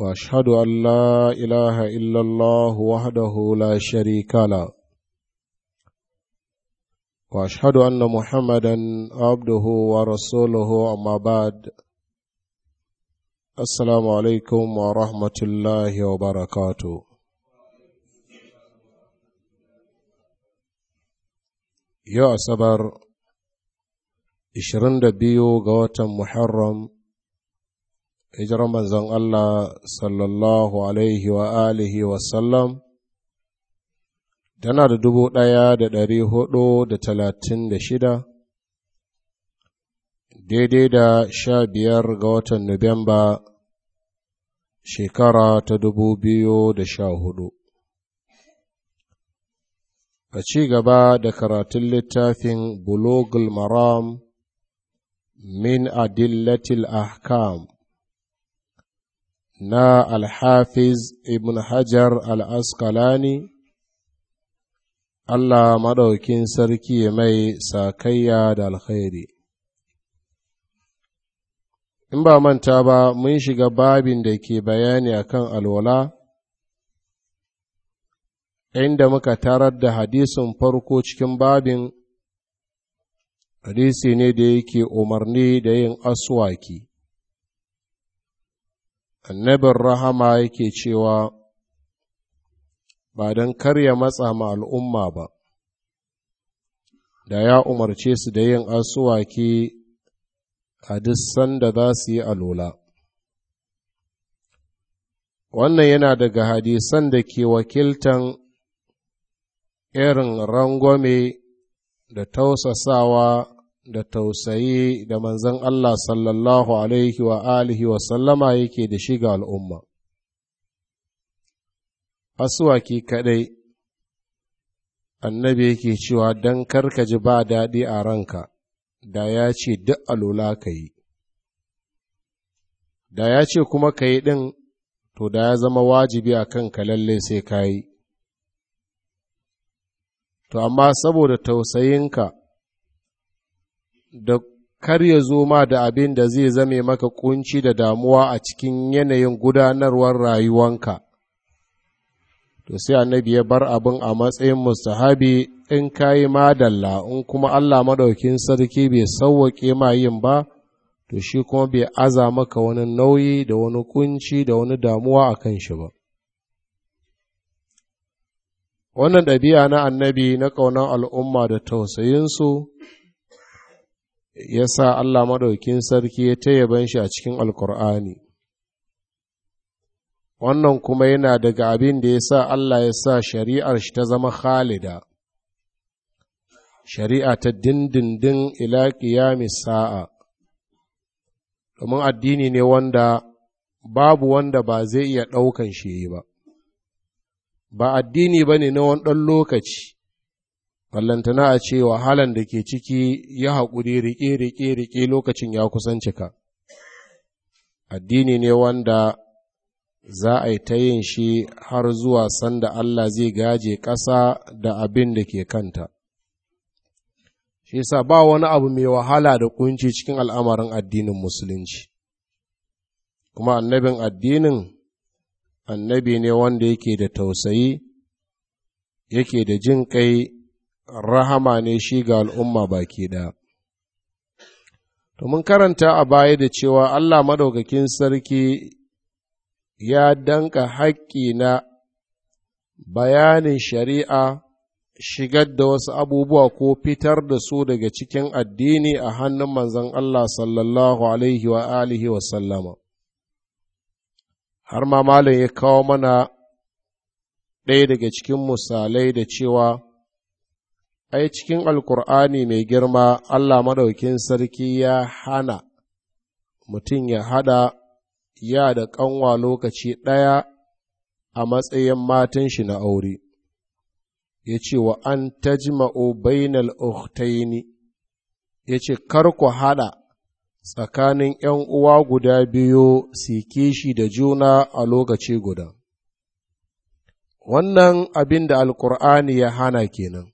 واشهد ان لا اله الا الله وحده لا شريك له واشهد ان محمدا عبده ورسوله اما بعد السلام عليكم ورحمه الله وبركاته يا صبر 22 ga watan Muharram hijirar manzon Allah sallallahu alaihi wa alihi wasallam tana da dubu ɗaya da ɗari hudu da talatin da shida daidai da sha biyar ga watan Nuwamba shekara ta dubu biyu da sha hudu. A ci gaba da karatun littafin Bulogul Maram min Adillatil Ahkam na alhafiz ibn hajar al'askalani Allah maɗaukin sarki mai sakayya da alkhairi in ba manta ba mun shiga babin da ke bayani akan alwala inda muka tarar da hadisin farko cikin babin hadisi ne da yake umarni da yin aswaki annabin rahama yake cewa ba don karya matsa ma al'umma ba da ya umarce su da yin asuwaki a duk sanda za su yi alola wannan yana daga hadisan da ke wakiltan irin rangwame da tausasawa da tausayi da manzon Allah sallallahu alaihi wa alihi wa sallama yake da shi ga al'umma. Asuwaki kaɗai, annabi yake cewa don ji ba daɗi a ranka, da ya ce duk alola ka yi, da ya ce kuma ka yi ɗin, to da ya zama wajibi a kanka lalle sai ka yi. To, amma saboda tausayinka, da kar ya zo ma da abin da zai zame maka kunci da damuwa a cikin yanayin gudanarwar rayuwanka. To sai annabi ya bar abin a matsayin mustahabi in ka yi madalla in kuma Allah maɗaukin sarki bai sauwaƙe ma yin ba, to shi kuma bai aza maka wani nauyi da wani kunci da wani damuwa a kan shi ba. Wannan ɗabi'a na annabi na ƙaunar al'umma da tausayinsu ya sa Allah maɗaukin sarki ya ta yaban shi a cikin alkur'ani wannan kuma yana daga abin da ya sa Allah ya sa shari'ar shi ta zama khalida shari'a ta dindindin ila ƙiyami sa'a domin addini ne wanda babu wanda ba zai iya ɗaukan shi ba ba addini ba ne na wani ɗan lokaci ballantana a ce wahalan da ke ciki ya haƙuri riƙe-riƙe-riƙe lokacin ya kusan cika addini ne wanda za a yi ta yin shi har zuwa sanda Allah zai gaje ƙasa da abin da ke kanta shi sa ba wani abu mai wahala da kunci cikin al'amarin addinin musulunci kuma annabin addinin annabi ne wanda yake da tausayi yake da jin kai rahama ne shi ga al'umma baki ɗaya. To, mun karanta a baya da cewa Allah maɗaukakin sarki ya danka haƙƙi na bayanin shari'a shigar da wasu abubuwa ko fitar da su daga cikin addini a hannun manzon Allah sallallahu Alaihi wa alihi wa sallama. Har ma malam ya kawo mana ɗaya daga cikin misalai da cewa ai cikin alkur'ani mai girma Allah maɗaukin sarki ya hana mutum ya haɗa ya da ƙanwa lokaci ɗaya a matsayin matan shi na aure, ya ce wa an tajma'o bainal uhtaini ya ce kar ku haɗa tsakanin ‘yan uwa guda biyu su kishi da juna a lokaci guda. Wannan abin da Alƙur'ani ya hana kenan.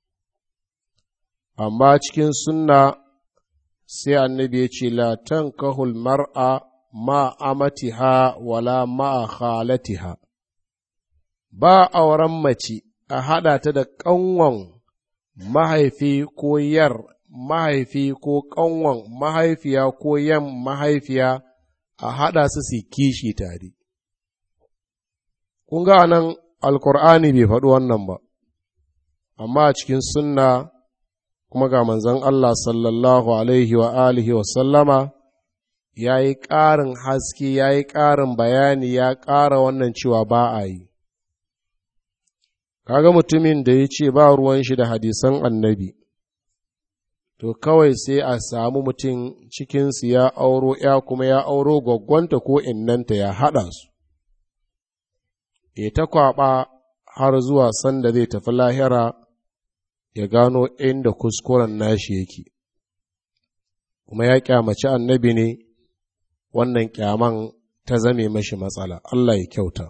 amma cikin sunna sai annabi ya ce la kahul mar'a ma amatiha wala ma khalatiha ba auren mace a haɗa ta da ƙanwan mahaifi ko yar mahaifi ko ƙanwan mahaifiya ko yan mahaifiya a haɗa su su kishi tare. Kun ga nan Alƙur'ani bai faɗi wannan ba, amma cikin sunna kuma ga manzon Allah sallallahu alaihi wa alihi wa sallama ya yi ƙarin haske ya yi ƙarin bayani ya ƙara wannan cewa ba a yi kaga mutumin da ya ce ba ruwan shi da hadisan annabi to kawai sai a samu mutum cikinsu ya auro ya kuma ya auro gwaggwanta ko innanta ya haɗa su e ta kwaɓa har zuwa sanda zai tafi lahira ya gano inda kuskuren nashi yake kuma ya kyamaci annabi ne wannan kyaman ta zame mashi matsala Allah ya kyauta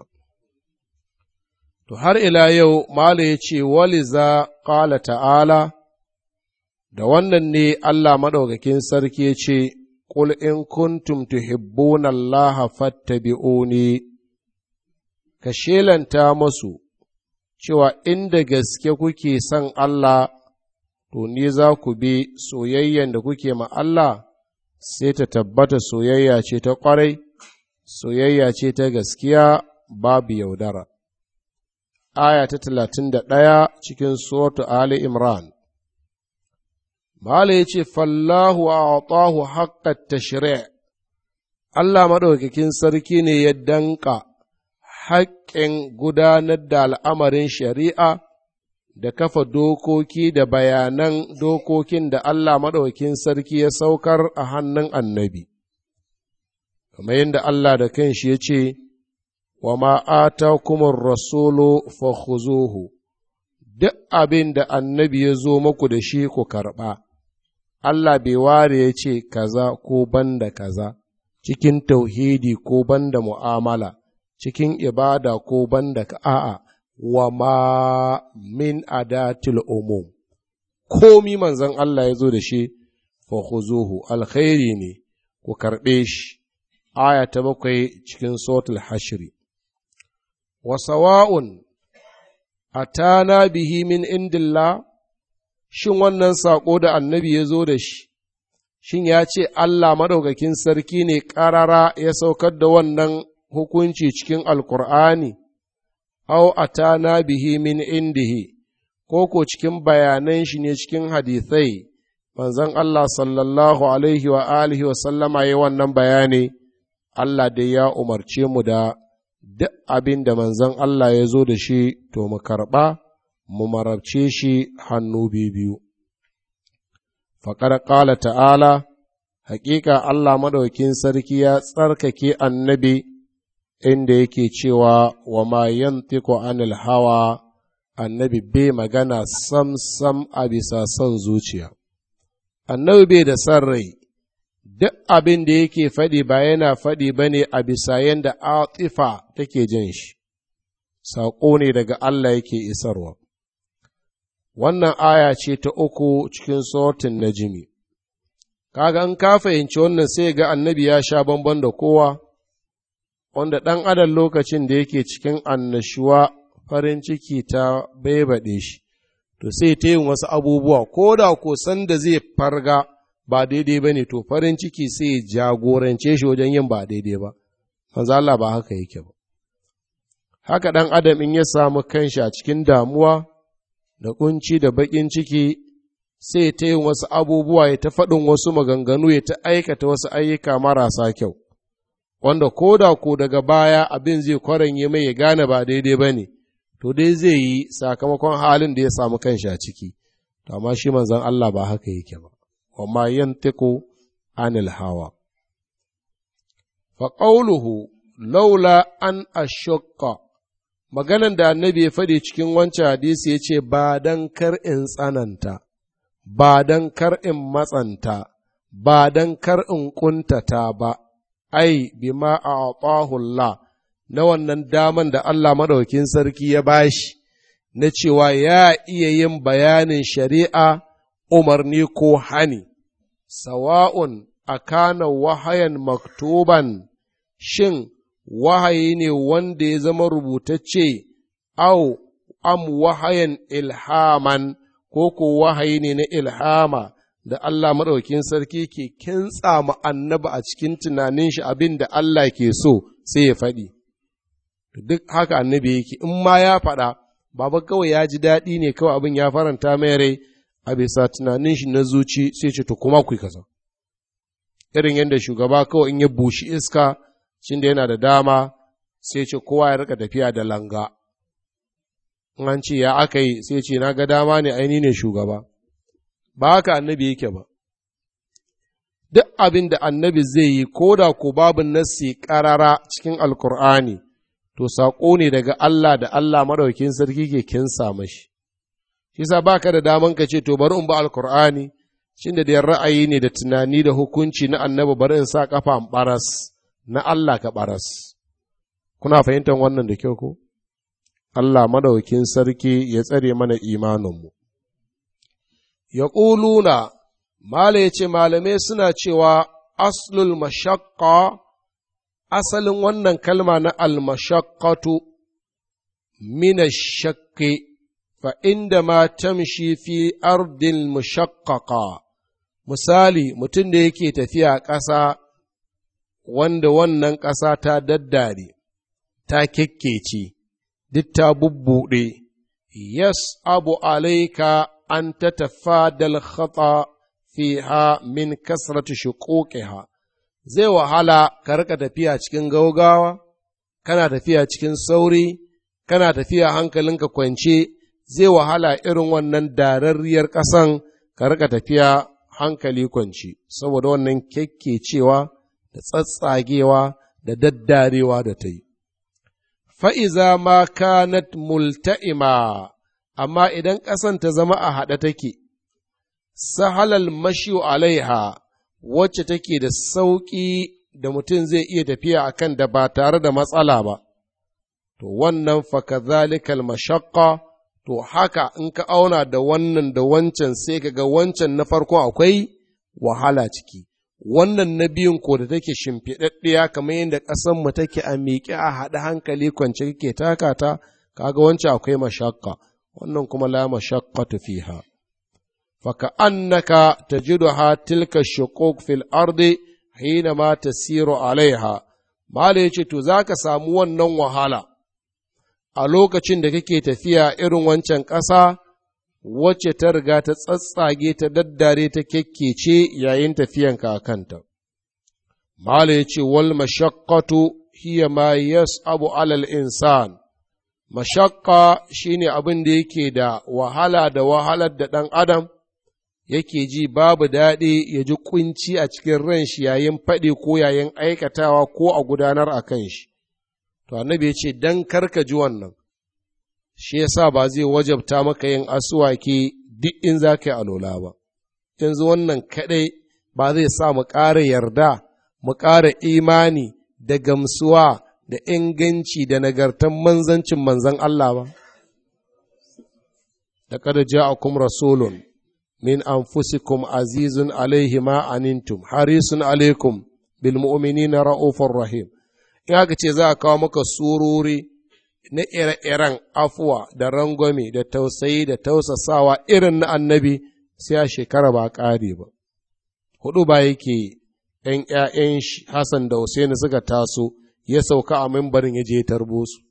to har ila yau malai ya ce waliza ƙala ta'ala da wannan ne Allah maɗaukakin sarki ya ce قل إن كنتم ne. fattabi'uni ka shelanta masu. cewa inda gaske kuke son Allah to ni za ku bi soyayyen da kuke ma Allah sai ta tabbata soyayya ce ta kwarai, soyayya ce ta gaskiya babu yaudara aya ta talatin da ɗaya cikin suratu Ali Imran Mala ya ce, Fallahu a haƙƙat tashri' Allah maɗaukakin sarki ne ya danƙa haƙƙin gudanar da al'amarin shari'a da kafa dokoki da bayanan dokokin da Allah maɗaukin sarki ya saukar a hannun annabi, kamar yadda Allah da kanshi ya ce, wa ma'ata kuma rasulu fahuzuhu, duk abin da annabi ya zo muku da shi ku karɓa, Allah bai ware ya ce kaza ko banda kaza, cikin tauhidi ko banda mu'amala. cikin ibada ko banda ka a'a wa ma min adatil umum komi manzon Allah ya zo da shi fa khuzuhu alkhairi ne ku karɓe shi aya ta bakwai cikin sotul hashri wa sawa'un atana bihi min indillah shin wannan sako da annabi ya zo da shi shin ya ce Allah madaukakin sarki ne ƙarara ya saukar da wannan hukunci cikin Alƙur'ani, au na bihi min indihi ko ko cikin bayanan shi ne cikin hadithai manzon Allah sallallahu alaihi wa alihi wa sallama yi wannan bayani Allah dai ya umarce mu da duk abin da manzon Allah ya zo da shi to mu karɓa mu marabce shi hannu biyu faƙar ƙala ta'ala haƙiƙa Allah maɗaukin sarki ya tsarkake annabi inda yake cewa wa ma yantiku anil hawa annabi bai magana sam sam a bisa son zuciya annabi bai da san rai duk abin da yake faɗi ba yana faɗi ba ne a bisa yadda atifa take jin shi saƙo ne daga Allah yake isarwa wannan aya ce ta uku cikin sortin jimi kaga in ka fahimci wannan sai ga annabi ya sha bamban da kowa wanda ɗan adam lokacin da yake cikin annashuwa farin ciki ta baibaɗe shi to sai ta yin wasu abubuwa ko da ko sanda zai farga ba daidai ba ne to farin ciki sai ya jagorance shi wajen yin ba daidai ba manzo Allah ba haka yake ba haka ɗan adam in ya samu kanshi a cikin damuwa da kunci da bakin ciki sai ta yin wasu abubuwa ya ta faɗin wasu maganganu ya ta aikata wasu ayyuka marasa kyau wanda ko da ko daga baya abin zai kwaranye mai ya gane ba daidai ba ne, to dai zai yi sakamakon halin da ya samu kan a ciki, to amma shi manzan Allah ba haka yake ba, amma yin teku anil hawa. Faƙauluhu laula an ashokka maganan da annabi ya faɗi cikin wancan hadisi ya ce ba don kar in tsananta, ba don kar in matsanta, ba don kar in ƙuntata ba. ai bima a'tahu Allah na wannan daman da Allah maɗaukin sarki ya bashi na cewa ya iya yin bayanin shari'a umarni ko hani sawa'un akana wahayan maktuban shin wahayi ne wanda ya zama rubutacce au am wahayan ilhaman ko ko wahayi ne na ilhama da Allah maɗaukin sarki ke kintsa ma annaba a cikin tunanin shi abin da Allah ke so sai ya faɗi. Duk haka annabi yake, in ma ya faɗa, baba kawai ya ji daɗi ne kawai abin ya faranta mai rai a bisa tunanin shi na zuci sai ce to kuma ku kaza. Irin yadda shugaba kawai in ya bushi iska, shin da yana da dama sai ce kowa ya rika tafiya da langa. In an ce ya aka yi sai ce na ga dama ne aini ne shugaba. ba haka annabi yake ba duk abin da annabi zai yi ko da ko babu nassi karara cikin alkur'ani to saƙo ne daga Allah da Allah maɗaukin sarki ke kin mashi shi sa baka da daman ka ce to bari in ba alkur'ani shin da da ra'ayi ne da tunani da hukunci na annabi bari in sa kafa in baras na Allah ka baras kuna fahimtar wannan da kyau ko Allah madaukin sarki ya tsare mana imanin mu. ya ƙuluna, Mala ya ce malamai suna cewa aslul mashakka asalin wannan kalma na almashakkatu mina shakke, fa inda ma tamshi fi ardin mashakkaka, misali mutum da yake tafiya ƙasa wanda wannan ƙasa ta daddare ta kekkece duk ta bubbuɗe yas abu alaika an tatafadal khata fiha min kasrati shuquqiha zai wahala ka rika tafiya cikin gaugawa kana tafiya cikin sauri kana tafiya hankalinka kwance zai wahala irin wannan dararriyar ƙasan ka rika tafiya hankali kwance. saboda wannan cewa da tsattsagewa da daddarewa da ta yi. Fa'iza ma kanat multa'ima amma idan ƙasan ta zama a haɗa take, sahalal mashiyu alaiha wacce take da sauƙi da mutum zai iya tafiya a kan da ba tare da matsala ba, to wannan fakazalikal mashakka to haka in ka auna da wannan da wancan sai ka ga wancan na farko akwai wahala ciki. Wannan na biyun ko da take shimfiɗaɗɗiya kamar yadda ƙasanmu take a miƙe a haɗa hankali kwance kake takata, kaga wancan akwai mashakka. wannan kuma la mashaqqatu fiha faka annaka tajiduha tilka shuquq fil ardi hina ma tasiru alaiha mala yace to zaka samu wannan wahala a lokacin da kake tafiya irin wancan ƙasa wacce ta riga ta tsatsage ta daddare ta kekkece yayin tafiyanka a kanta mala yace wal mashaqqatu hiya ma yas'abu alal insan insani mashakka ne abin da yake da wahala da wahalar da ɗan adam yake ji babu daɗi ya ji kunci a cikin ran shi yayin faɗi ko yayin aikatawa ko a gudanar a kan shi to annabi ya ce dan karka ji wannan shi yasa ba zai wajabta maka yin asuwaki duk in za ka yi alola ba yanzu wannan kaɗai ba zai sa mu ƙara yarda mu ƙara imani da gamsuwa da inganci da nagartan manzancin manzan Allah ba da kada ja'akum rasulun min anfusikum azizun alaihi ma harisun alaikum bil na ra’ofar rahim in aka ce za a kawo maka surori na ire-iren afuwa da rangwame da tausayi da tausasawa irin na annabi sai a shekara ba ƙare ba hudu ba yake ‘yan ‘ya'yan Hassan da Hussein suka taso ya sauka a mimbarin ya je tarbo su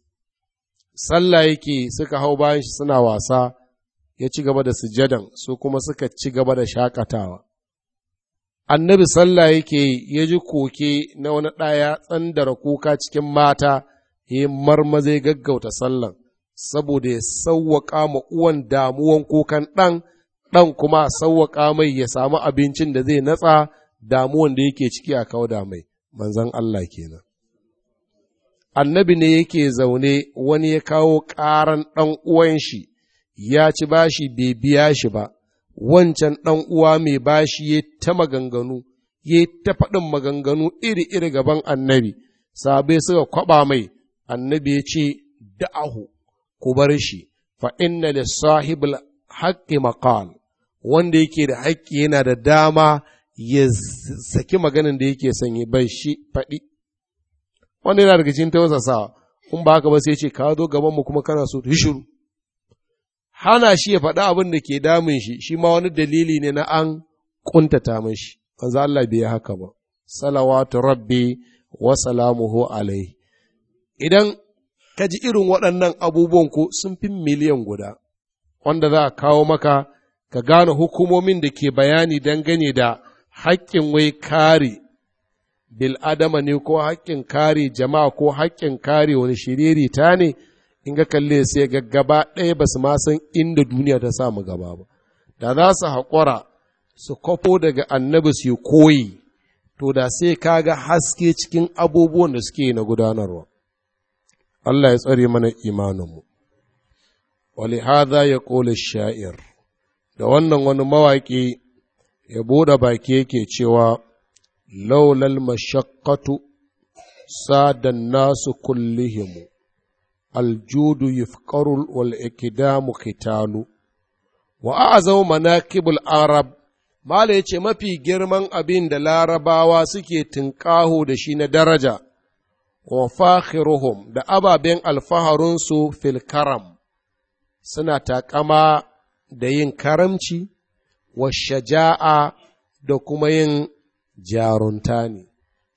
sallah yake suka hau bayan shi suna wasa ya ci gaba da sujadan su kuma suka ci gaba da shakatawa annabi sallah yake ya ji koke na wani ɗaya tsandara kuka cikin mata ya yi marmaze gaggauta sallan saboda ya sauwaƙa ma uwan damuwan kukan ɗan ɗan kuma sauwaƙa mai ya samu abincin da zai natsa damuwan da yake ciki a kauda mai manzan Allah kenan annabi ne yake zaune wani ya kawo ƙaran ɗan uwan shi ya ci bashi bai biya shi ba wancan ɗan uwa mai bashi ya ta maganganu ya ta faɗin maganganu iri-iri gaban annabi sabai suka kwaɓa mai annabi ya ce da'ahu ku bar shi fa inna da sahibul haƙƙi maqal wanda yake da haƙƙi yana da dama ya saki maganin da yake son yi bai shi faɗi wanda yana daga cikin tausasawa in ba haka ba sai ce ka zo gaban mu kuma kana so ta shiru hana shi ya faɗa abin da ke damun shi shi ma wani dalili ne na an kuntata mashi manzo Allah bai haka ba salawatu rabbi wa salamuhu alai idan ka ji irin waɗannan abubuwan ko sun fi miliyan guda wanda za a kawo maka ka gane hukumomin da ke bayani dangane da haƙƙin wai kare bil adama ne ko hakkin kare jama'a ko hakkin kare wani shiriri ta ne in ga kalle sai ga gaba ɗaya ba su ma san inda duniya ta samu gaba ba da za su haƙura su kwafo daga annabi su koyi to da sai ka ga haske cikin abubuwan da suke na gudanarwa Allah ya tsare mana imaninmu wali hadha ya ƙole sha'ir da wannan wani mawaƙi ya buɗe baki yake cewa laulal mashaqqatu sadan nasu kullihimu aljudu yufqarul wal ikidamu kitalu wa a'zau manaqibul arab mala yace mafi girman abin da larabawa suke tinkaho da shi na daraja wa fakhiruhum da ababen alfaharunsu filkaram suna takama da yin karamci wa shaja'a da kuma yin jarunta ne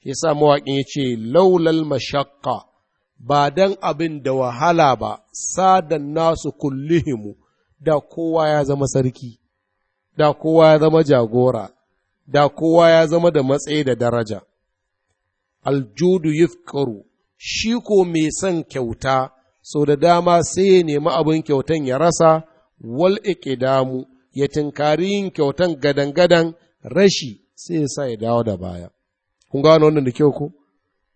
shi sa mawaƙin ya ce laulal mashakka ba don abin da wahala ba sa da nasu kullihimu da kowa ya zama sarki da kowa ya zama jagora da kowa ya zama da matsayi da daraja aljudu yufkaru shi ko mai son kyauta sau da dama sai ya nemi abin kyautan ya rasa wal damu, ya tinkari yin kyautan gadan-gadan rashi sai ya sa ya dawo da baya kun gano wannan da kyau ko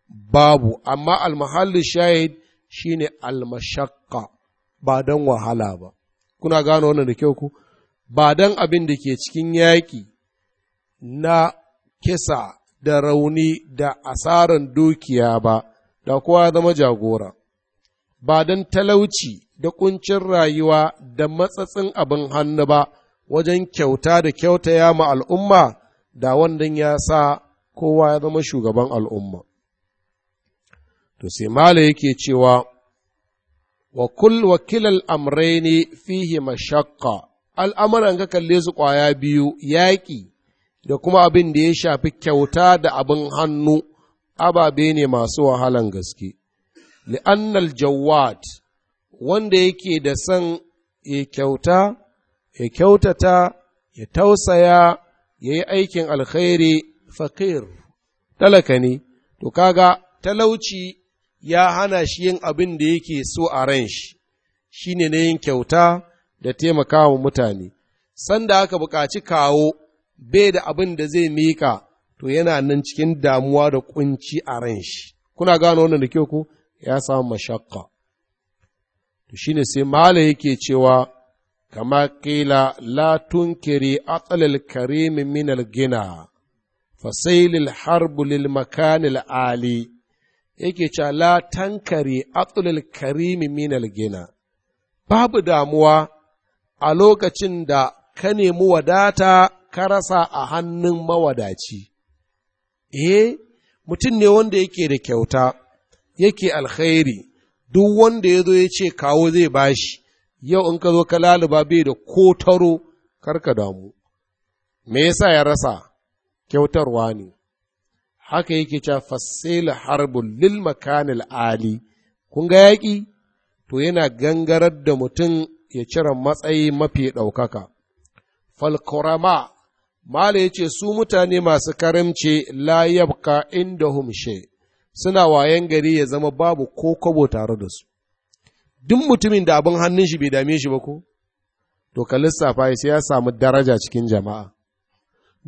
babu amma almahalli shahid shine almashakka ba don wahala ba kuna gano wannan da kyau ku ba don abin da ke cikin yaƙi na kisa da rauni da asaran dukiya ba da kowa zama jagora ba don talauci da ƙuncin rayuwa da matsatsin abin hannu ba wajen kyauta da kyautaya ma al'umma da wandan ya sa kowa ya zama shugaban al'umma. To sai Mala yake cewa, wa kul wakilal amraini fihi mashakka, al'amuran ka kalle su ƙwaya biyu yaƙi da kuma abin da ya shafi kyauta da abin hannu, ababe ne masu wahalan gaske. Li'annal jawad wanda yake da san ya kyauta, ya kyautata, ya tausaya, ya yi aikin alkhairi fakir talaka ne to kaga talauci ya hana shi yin abin da yake so a ran shi ne na yin kyauta da taimakawa mutane sanda aka buƙaci kawo bai da abin da zai miƙa to yana nan cikin damuwa da ƙunci a ran shi kuna gano wannan da kyau ku ya samu mashakka to shine sai mala yake cewa kama kila la tunkiri atsalil karimi minal gina fasailil harbu lil makanil ali yake cewa la tankari atsalil karimi minal gina babu damuwa a lokacin da ka nemi wadata ka rasa a hannun mawadaci eh mutum ne wanda yake da kyauta yake alkhairi duk wanda ya zo ya ce kawo zai bashi yau in ka zo ka laluba bai da ko taro karka damu me yasa ya rasa kyautarwa ne haka yake cewa fasil harbun lil makanil ali kun ga yaƙi to yana gangarar da mutum ya cire matsayi mafi ɗaukaka falkurama mala ya ce su mutane masu karimci la yabka indahum she suna wayan gari ya zama babu ko kobo tare da su duk mutumin da abin hannun shi bai dame shi ba ko to ka lissafa sai ya samu daraja cikin jama'a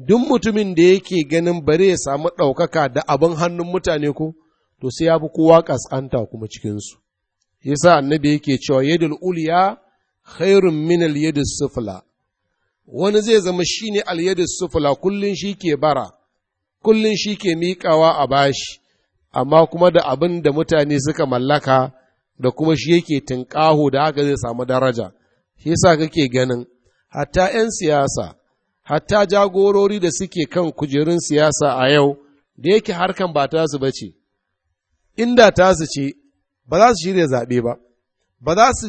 duk mutumin da yake ganin bare ya samu ɗaukaka da abin hannun mutane ko to sai ya fi kowa ƙasƙanta kuma cikinsu yasa annabi yake cewa yadul uliya khairun min al yadus sufla wani zai zama shine al yadus sufla kullun shi ke bara kullun shi ke miƙawa a bashi amma kuma da abin da mutane suka mallaka da kuma shi yake tunƙaho da haka zai samu daraja shi yasa kake ganin hatta 'yan siyasa hatta jagorori da suke kan kujerun siyasa a yau da yake harkan ba ta su bace inda ta su ce ba za su shirya zaɓe ba ba za su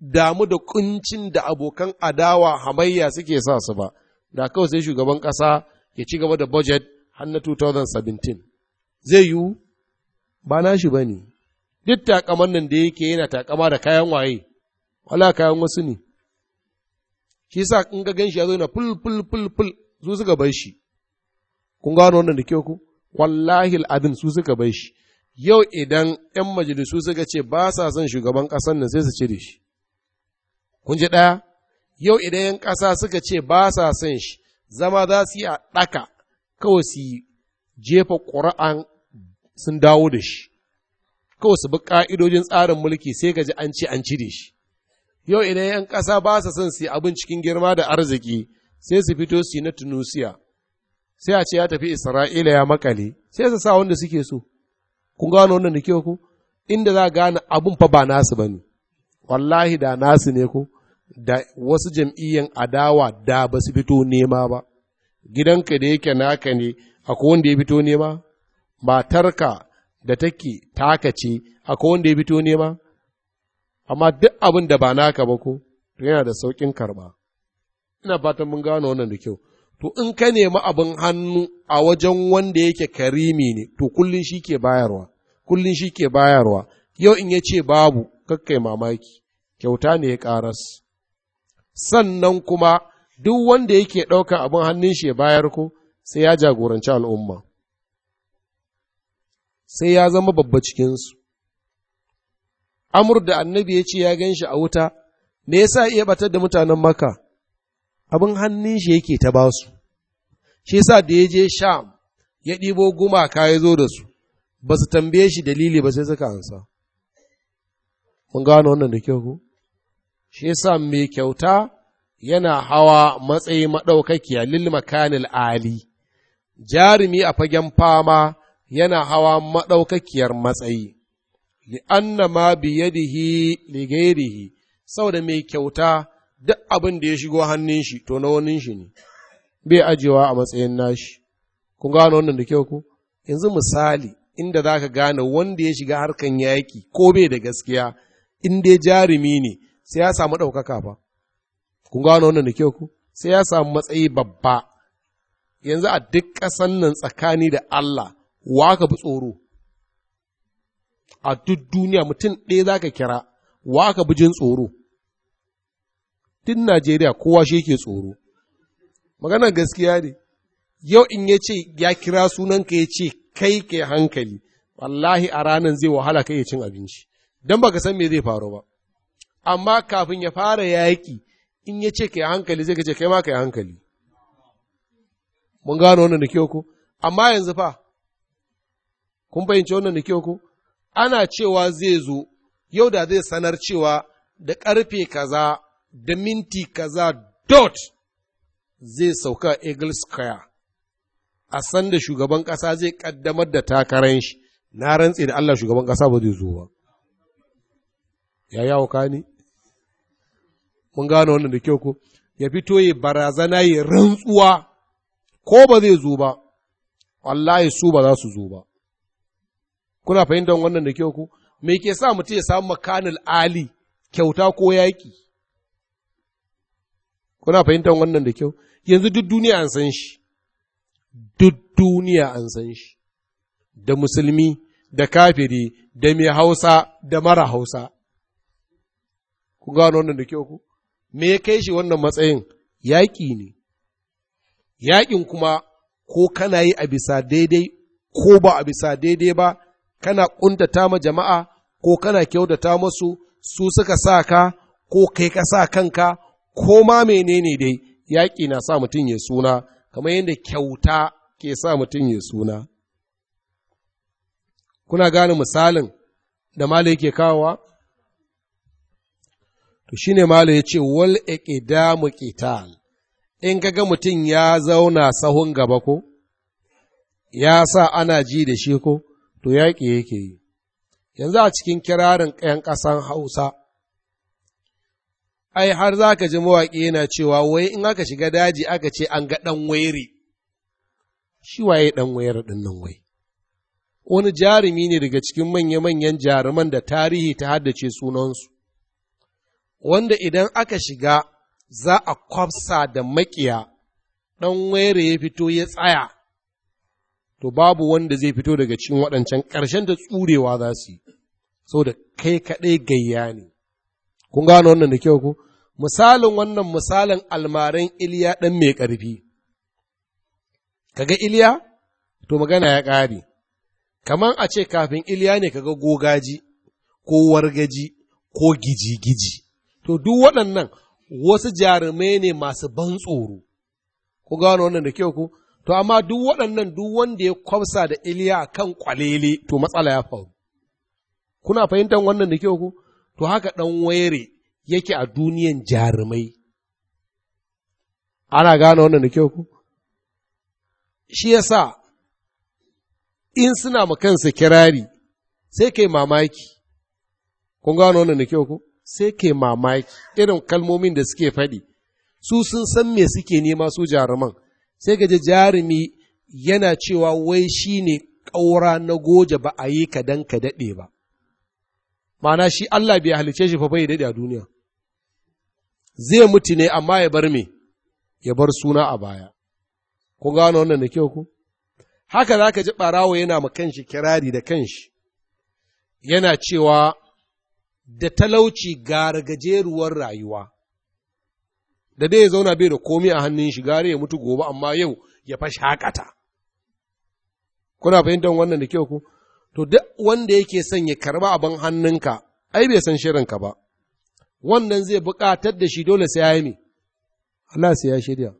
damu da kuncin da abokan adawa hamayya suke sa su ba da kawai sai shugaban ƙasa ya ci gaba da budget har na 2017 zai yiwu ba na shi ba ne duk takaman nan da yake yana takama da kayan waye wala kayan wasu ne shi sa in ga ganshi ya zo yana ful ful ful ful su suka bai shi kun gano wannan da kyau ku wallahi al'adin su suka bai shi yau idan 'yan majalisu suka ce ba sa son shugaban ƙasan nan sai su cire shi kun ji ɗaya yau idan 'yan ƙasa suka ce ba sa son shi zama za su yi a ɗaka kawai su jefa ƙura'an sun dawo da shi kawai su bi ƙa'idojin tsarin mulki sai gaji an ce an cire shi yau idan 'yan ƙasa ba su son su yi abin cikin girma da arziki sai su fito su yi na tunusiya sai a ce ya tafi isra'ila ya makale sai su sa wanda suke so kun gano wannan da kyau ku inda za gane abun fa ba nasu ba ne wallahi da nasu ne ku? da wasu jam'iyyan adawa da ba su fito nema ba gidanka da yake naka ne akwai wanda ya fito nema matarka da take taka ce akwai wanda ya fito nema amma duk abin da ba naka ba ko yana da sauƙin karba ina fatan mun gano wannan da kyau to in ka nemi abin hannu a wajen wanda yake karimi ne to kullun shi ke bayarwa kullun shi ke bayarwa yau in ya ce babu kakkai mamaki kyauta ne ya karas sannan kuma duk wanda yake ɗaukan abin hannun shi ya bayar ko sai ya jagoranci al'umma sai ya zama babba cikinsu. Amur da annabi ya ce ya gan shi a wuta, me yasa iya batar da mutanen maka, abin hannun shi yake ta ba su, shi sa da ya je Sham ya ɗibo gumaka ya zo da su, ba su tambaye shi dalili ba sai suka ansa. Mun gano wannan da kyau Shi sa mai kyauta yana hawa matsayi maɗaukakiya lil makanil ali, jarumi a fagen fama yana hawa maɗaukakiyar matsayi li'anna ma li gairihi, saboda mai kyauta duk abin da ya shigo hannun shi to na wani shi ne bai ajewa a matsayin nashi kun gano wannan da kyau ku yanzu misali inda zaka gane wanda ya shiga harkan yaki ko bai da gaskiya in dai jarumi ne sai ya samu ɗaukaka fa kun gano wannan da kyau ku sai ya samu matsayi babba yanzu a duk ƙasan nan tsakani da Allah wa ka bi tsoro a duk duniya mutum ɗaya za ka kira wa ka bi jin tsoro duk najeriya kowa shi yake tsoro maganar gaskiya ne yau in ya ce ya kira sunanka ya ce kai ke hankali wallahi a ranar zai wahala ka iya cin abinci don baka san me zai faru ba amma kafin ya fara yaƙi in ya ce ka hankali zai ka kai ma ka hankali mun gano wannan da kyau ko amma yanzu fa Kun fahimci wannan da kyau ko? Ana cewa zai zo, yau da zai sanar cewa da ƙarfe kaza, da minti kaza dot zai sauka Eagle Square. A san da shugaban ƙasa zai ƙaddamar da takarar shi, na rantse da Allah shugaban ƙasa ba zai zo ba. Ya yawo ne? Mun gano wannan da kyau ko? ya fito yi barazana yi rantsuwa ko ba zai zo ba, wallahi su ba za su zo ba. kuna fahimtar wannan da kyau ku me ke sa mutum ya samu makanil ali kyauta ko yaƙi kuna fahimtar wannan da kyau yanzu duk duniya an san shi duk duniya an san shi da musulmi da kafiri da mai hausa da mara hausa ku gano wannan da kyau ku me ya kai shi wannan matsayin yaƙi ne yaƙin kuma ko kana yi a bisa daidai ko ba a bisa daidai ba kana ƙuntata ma jama'a ko kana kyautata masu su suka sa ka ko kai ka sa kanka ko ma menene dai yaƙi na sa mutum ya suna kamar yadda kyauta ke sa mutum ya suna kuna gane misalin da Malam yake kawowa? To shi ne ya ce, wal iqdamu qital in kaga mutum ya zauna sahun gaba ko, ya sa ana ji da shi ko, to yaƙi yake yi yanzu a cikin kirarin ‘yan ƙasan hausa ai har za ka ji mawaƙi yana cewa wai in aka shiga daji aka ce an ga ɗan wairi shi waye ɗan wayar ɗin nan wai wani jarumi ne daga cikin manya-manyan jaruman da tarihi ta haddace sunansu wanda idan aka shiga za a kwafsa da maƙiya ɗan wayar ya fito ya tsaya to babu wanda zai fito daga cikin waɗancan ƙarshen da tsurewa za su yi saboda kai kaɗai gayya ne kun gano wannan da kyau ko misalin wannan misalin almaran iliya ɗan mai ƙarfi kaga iliya to magana ya ƙare Kaman a ce kafin iliya ne kaga gogaji ko wargaji ko gijigiji to duk waɗannan wasu jarumai ne masu ban tsoro ku gano wannan da kyau ku To, amma duk waɗannan duk wanda ya kwamsa da Iliya kan kwalele, to matsala ya faru. Kuna fahimtar wannan da kyau ku? To, haka ɗan wayere yake a duniyan jarumai. Ana gane wannan da kyau ku? Shi ya sa in suna ma kansa kirari, sai kai mamaki. Kun gane wannan da kyau ku? Sai kai mamaki irin kalmomin da suke faɗi. Su sun san me suke nema su jaruman. sai gaji jarumi yana cewa wai shi ne ƙaura na goje ba a yi ka dan ka daɗe ba ma'ana shi Allah bai halice shi fa bai daɗe a duniya zai mutu ne amma ya bar me ya bar suna a baya ku gano wannan da kyau ku haka za ka ji ɓarawo yana ma kanshi kirari da kanshi yana cewa da talauci gara gajeruwar rayuwa da dai ya zauna bai da komi a hannun shi gare ya mutu gobe amma yau ya fa shakata kuna fahimtar wannan da kyau ku to duk wanda yake son ya karba abin hannunka ai bai san shirinka ba wannan zai buƙatar da shi dole sai yayi yi Allah sai ya shirya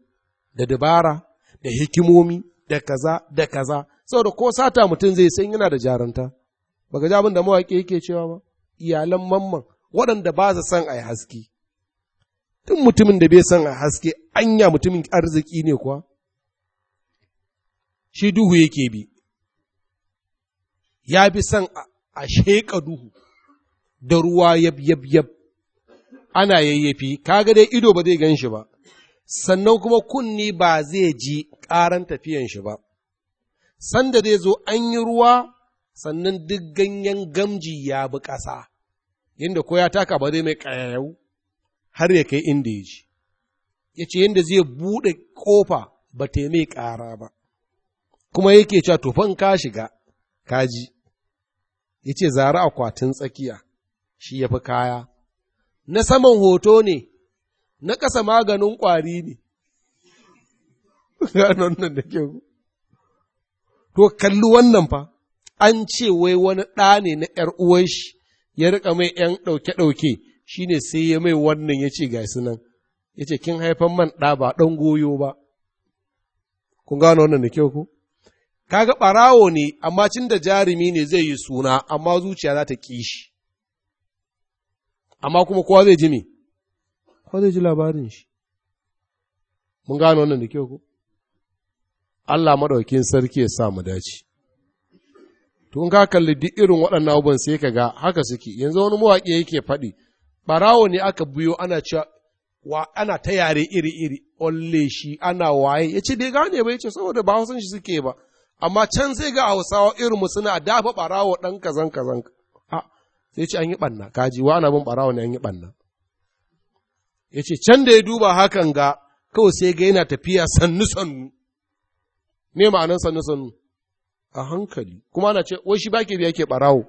da dabara da hikimomi da kaza da kaza saboda ko sata mutum zai san yana da jaranta baka ji abin da mawaƙi yake cewa ba iyalan mamman waɗanda ba su san a yi haske duk mutumin da bai san haske anya mutumin arziki ne kuwa shi duhu yake bi ya fi son a sheƙa duhu da ruwa yab yab yab ana yayyafi kaga dai ido ba zai gan shi ba sannan kuma kunni ba zai ji ƙaran tafiyan shi ba sanda zai zo an yi ruwa sannan duk ganyen gamji ya bi ƙasa yadda ko ya taka ba zai mai ƙayayau har ya kai inda ya ji ya ce yadda zai buɗe ƙofa ba ta mai ƙara ba kuma yake cewa tufan ka shiga kaji ya ce zara akwatin tsakiya shi ya fi kaya na saman hoto ne na ƙasa maganin ƙwari ne nan da to kalli wannan fa an ce wai wani ɗa ne na ‘yar uwan shi ya riƙa mai ‘yan ɗauke-ɗauke shi ne sai ya mai wannan ya ce ga nan ya ce kin haifan man ɗa ba ɗan goyo ba kun gano wannan da kyau ku kaga ɓarawo ne amma cin da jarumi ne zai yi suna amma zuciya za ta ƙi shi amma kuma kowa zai ji me kowa zai ji labarin shi mun gano wannan da kyau ku Allah maɗaukin sarki ya sa mu dace to in ka kalli duk irin waɗannan abubuwan sai ka ga haka suke yanzu wani mawaƙi yake faɗi ɓarawo ne aka biyo ana cewa wa ana ta yare iri-iri olle shi ana waye ya ce bai gane ba ya ce saboda ba hausan shi suke ba amma can sai ga hausawa irin mu suna dafa ɓarawo ɗan kazan kazan a sai ce an yi ɓanna kaji wa ana bin ɓarawo ne an yi ɓanna ya ce can da ya duba hakan ga kawai sai ga yana tafiya sannu sannu me ma'anan sannu sannu a hankali kuma ana ce wai shi ba ke biya ke ɓarawo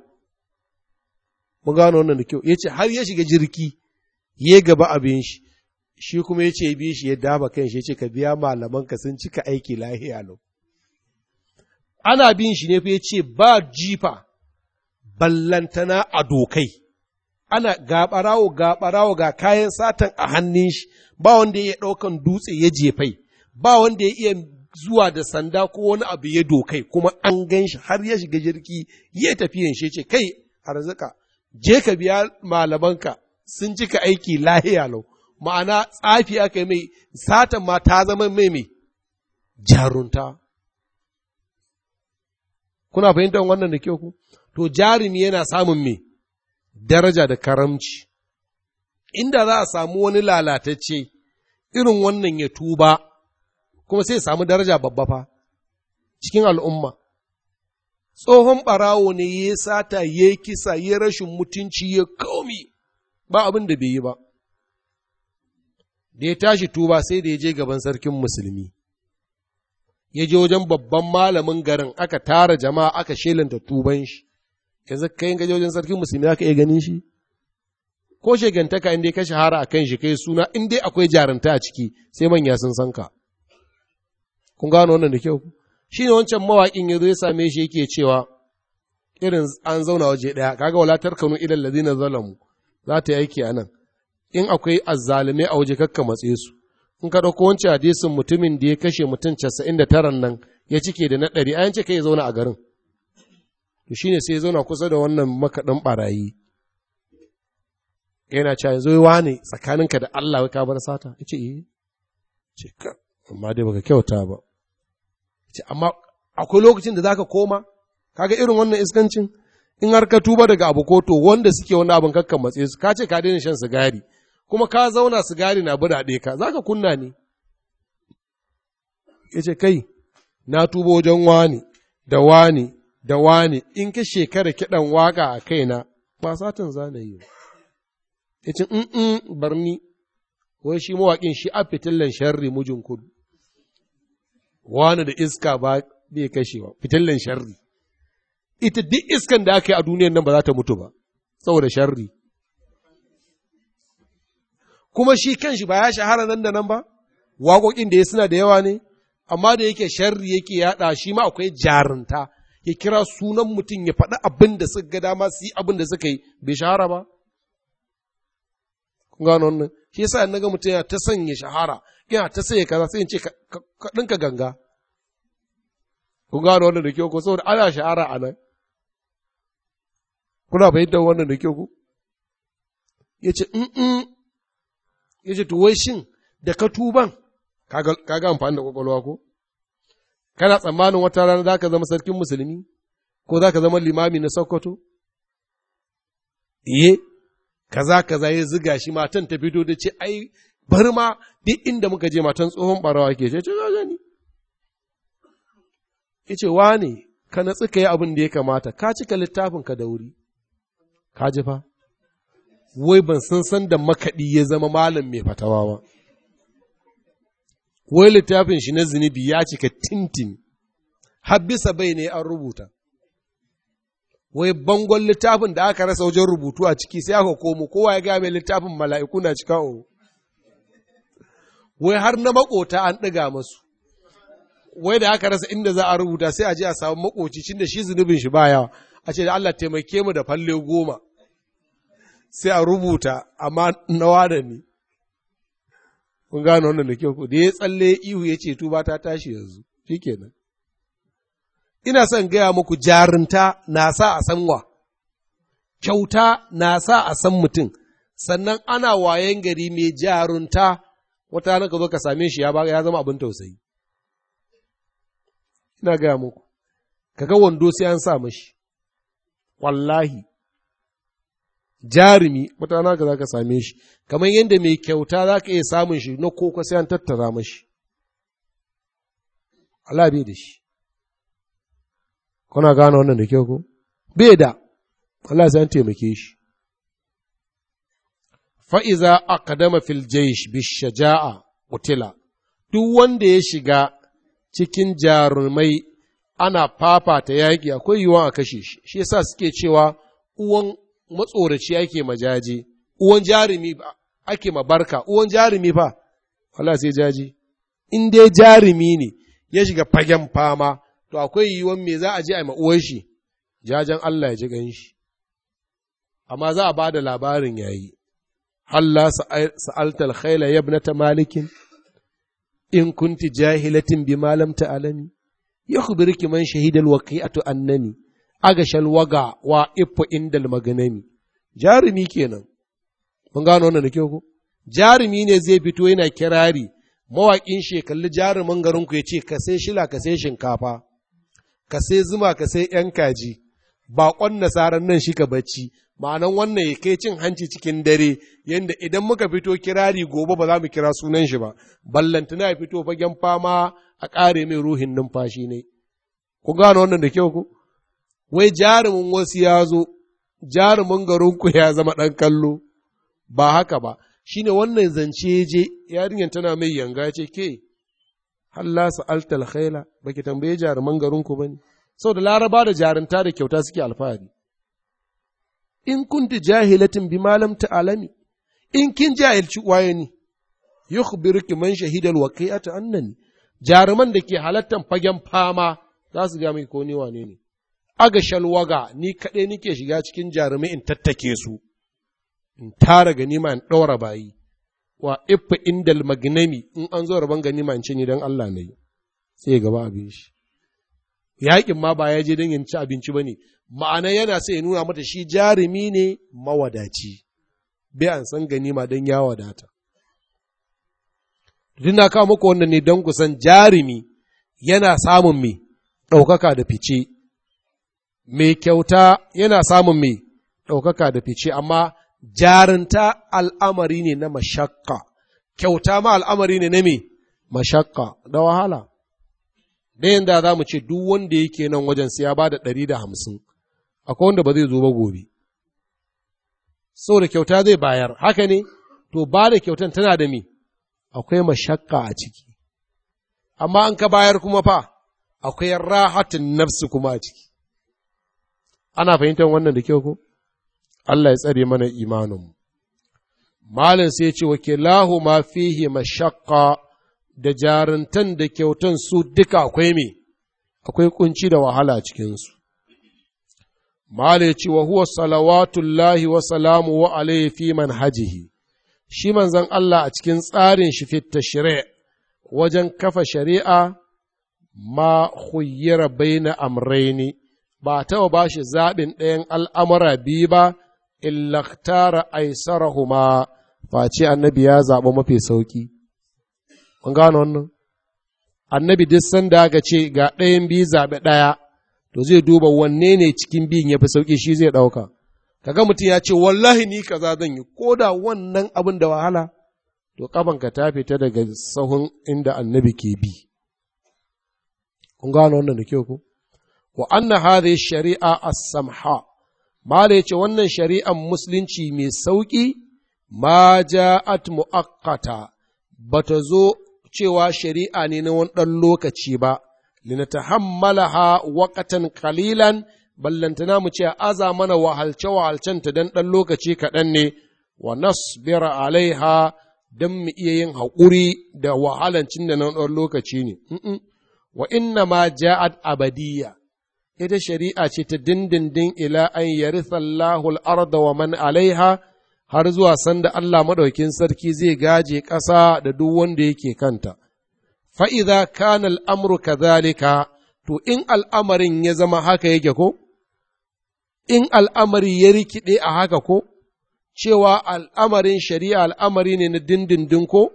mun gano wannan da kyau yace har ya shiga jirki ya gaba abin shi shi kuma yace ya bi shi ya daba kan shi yace ka biya malaman ka sun cika aiki lahiya lau ana bin shi ne fa yace ba jifa ballantana a dokai ana ga barawo ga kayan satan a hannun shi ba wanda ya ɗaukan dutse ya jefai ba wanda ya iya zuwa da sanda ko wani abu ya dokai kuma an gan shi har ya shiga jirgi ya tafi shi ce kai arzika je ka biya malamanka sun cika aiki lahiya lau ma'ana tsafi aka yi mai satan ma ta zama mai mai jarunta kuna fahimtar wannan da kyau ku to jarumi yana samun mai daraja da karamci inda za a samu wani lalatacce irin wannan ya tuba kuma sai samu daraja babba fa cikin al'umma tsohon ɓarawo ne ya sata ya kisa ya rashin mutunci ya komi ba abin da bai yi ba da ya tashi tuba sai da ya je gaban sarkin musulmi ya je wajen babban malamin garin aka tara jama'a aka shelanta tuban shi yanzu kai gaje wajen sarkin musulmi aka iya ganin shi ko shegantaka inda ya ka shahara a kan shi kai suna inda akwai jaranta a ciki sai manya sun san ka kun gano wannan da kyau shi ne wancan mawaƙin ya zo ya same shi yake cewa irin an zauna waje ɗaya kaga wala tarkanu ila ladina zalamu za ta yi aiki a nan in akwai azzalume a waje kakka matse su in ka ɗauko wancan hadisin mutumin da ya kashe mutum casa'in da taran nan ya cike da na ɗari a yance kai ya zauna a garin to shine sai ya zauna kusa da wannan makaɗin ɓarayi yana cewa yanzu ne tsakaninka da Allah ka bar sata ce iya eh. ce ka amma dai baka kyauta ba ce amma akwai lokacin da zaka koma kaga irin wannan iskancin in har ka tuba daga abu ko to wanda suke wani abin kakkan matse su ka ce ka daina shan sigari kuma ka zauna sigari na buraɗe ka zaka kunna ne yace kai na tuba wajen wani da wani da wani in ka shekara kiɗan waka a kaina ba satan yi ya ce in barni wai shi mawaƙin shi a fitillan sharri mujin kudu wani da iska ba kashe kashewa fitillan sharri ita duk iskan da aka yi a duniyan nan ba za ta mutu ba saboda sharri kuma shi kanshi ba ya shahara nan da nan ba waƙoƙin da ya suna da yawa ne amma da yake sharri yake yaɗa shi ma akwai jarunta ya kira sunan mutum ya faɗi abin da suka ga dama su yi abin da suka yi bai shahara ba kun gano wannan shi yasa na ga mutum ya ta sanya shahara ina ta sai kaza sai in ce ka ka ganga kun gano wannan da kyau ko saboda ana sha'ara a nan kuna da wannan da kyau ko ya ce in ya ce tuwai shin da ka tuban kaga amfani da kwakwalwa ko kana tsammanin wata rana za ka zama sarkin musulmi ko za ka zama limami na sokoto iye eh, kaza kaza ya ziga shi matan ta fito da ce ai bar ma duk inda muka je matan tsohon barawa ke ce ce gani yace ne ka na ka yi abin da ya kamata ka cika littafin ka da wuri ka ji fa wai ban san san da makaɗi ya zama malam mai fatawa ba wai littafin shi na zunubi ya cika tintin har bisa bai ne an rubuta wai bangon littafin da aka rasa wajen rubutu a ciki sai aka komo kowa ya ga mai littafin mala'iku na cika o wai har na makota an ɗiga masu wai da aka rasa inda za a rubuta sai a je a samu cin da shi zunubin shi ba yawa a ce da Allah taimake mu da falle goma sai a rubuta amma nawa da ni kun gano wannan da kyau da ya tsalle ihu ya ce tuba ta tashi yanzu kenan. ina son gaya muku jarinta na sa a sanwa kyauta na sa a san mutum sannan ana wayan gari mai jarunta wata ranar ka zo ka same shi ya ya zama abin tausayi ina gaya muku kaga wando sai an sa mashi wallahi jarumi wata ranar ka za ka same shi kamar yadda mai kyauta za ka iya samun shi na koko sai an tattara mashi Allah bai da shi kuna gane wannan da kyau ko bai da Allah sai an taimake shi fa'iza aqdama fil jaish bishaja'a utila duk wanda ya shiga cikin jarumai ana fafata yaƙi akwai yiwuwa a kashe shi shi yasa suke cewa uwan matsoraci ake majaji uwan jarumi ake mabarka uwan jarumi fa wala sai jaji in dai jarumi ne ya shiga fagen fama to akwai yiwuwa me za a je a ma'uwar shi jajen Allah ya ji gan shi amma za a ba da labarin yayi Allah sa'alta alkhaila ya ta malikin, in kunti jahilatin bi malam ta'alami, ya kubirki man shahidal waqi'atu annani, agashal shalwaga wa ifo indal maganami, jarumi kenan, mun gano wannan da kyau ku. Jarumi ne zai fito yana kirari, mawaƙin shekalli jarumin garinku ya ce, ka sai shila, ka sai shinkafa, ka sai zuma, ka sai ‘yan kaji, baƙon nasarar nan shi ka bacci ma'anan wannan ya kai cin hanci cikin dare yadda idan muka fito kirari gobe ba za mu kira sunan shi ba ballantana ya fito fagen fama a ƙare mai ruhin numfashi ne ku gano wannan da kyau ku wai jarumin wasu ya zo jarumin garinku ya zama ɗan kallo ba haka ba shine wannan zance je yarinyar tana mai yanga ce ke halla haila. khaila baki tambaye jaruman garinku ne. sau da laraba da jarinta da kyauta suke alfahari. In kunti jahilatin bi malam ta alami. in kin jahilci waye ni, yukhbiruki man shahidal waqi'ata annani, jaruman da ke halattan fagen fama za su ga mai ko ni wane ne. Aga shalwaga ni kaɗai nike shiga cikin jarumi in tattake su, in tara ganima in ɗaura bayi, wa ifa indal magnami in an zo rabon ganima in ce ni don Allah na yi, sai gaba abin shi. yaƙin ma ba ya je don yanci abinci ba ne ma'ana yana sai ya nuna mata shi jarumi ne mawadaci bai an san ganima don ya wadata duk na kawo muku wannan ne don kusan jarumi yana samun mai ɗaukaka da fice mai kyauta yana samun mai ɗaukaka da fice amma jarinta al'amari ne na mashakka kyauta ma al'amari ne na mai mashakka da wahala da yadda za mu ce duk wanda yake nan wajen sai ya ba da ɗari da hamsin akwai wanda ba zai zo ba gobe sau da kyauta zai bayar haka ne to ba da kyautan tana da me akwai mashakka a ciki amma an ka bayar kuma fa akwai rahatin nafsi kuma a ciki ana fahimtar wannan da kyau ko Allah ya tsare mana imanin malam sai ya ce wa kilahu ma fihi mashakka da jarantan da kyautan su duka akwai me akwai kunci da wahala cikinsu mala ya ce wa huwa salawatullahi wa salamu wa alaihi fi manhajihi shi manzon Allah a cikin tsarin shi fit wajen kafa shari'a ma khuyyira baina amraini ba taɓa ba shi zaɓin ɗayan al'amura biyu ba, illaktara aisarahuma face annabi ya zaɓi mafi sauƙi, mun gano wannan annabi duk sanda aka ce ga ɗayan biyu zaɓe ɗaya to zai duba wanne ne cikin biyun ya fi sauƙi shi zai ɗauka kaga mutum ya ce wallahi ni kaza zan yi ko da wannan abin da wahala to ka ta fita daga sahun inda annabi ke bi kun gano wannan da kyau ko wa anna hadhihi shari'a as-samha mala yace wannan shari'an musulunci mai sauƙi ma ja'at muaqqata bata zo cewa shari'a ne na wani ɗan lokaci ba, ha waƙatan kalilan ballantana mu ce aza mana wahalce wahalcen ta don ɗan lokaci kaɗan ne, wa nasbira alaiha don mu iya yin haƙuri da wahalancin da na ɗan lokaci ne. Wa inna ma ja'ad Abadiya ita shari'a ce ta dindindin ila an yaritha Allahul wa man alaiha har zuwa sanda Allah maɗaukin sarki zai gaje ƙasa da duk wanda yake kanta. Fa'iza kana al'amuru kazalika, to in al'amarin ya zama haka yake ko? In al'amari ya rikide a haka ko? Cewa al'amarin shari'a al'amari ne na dindindin ko?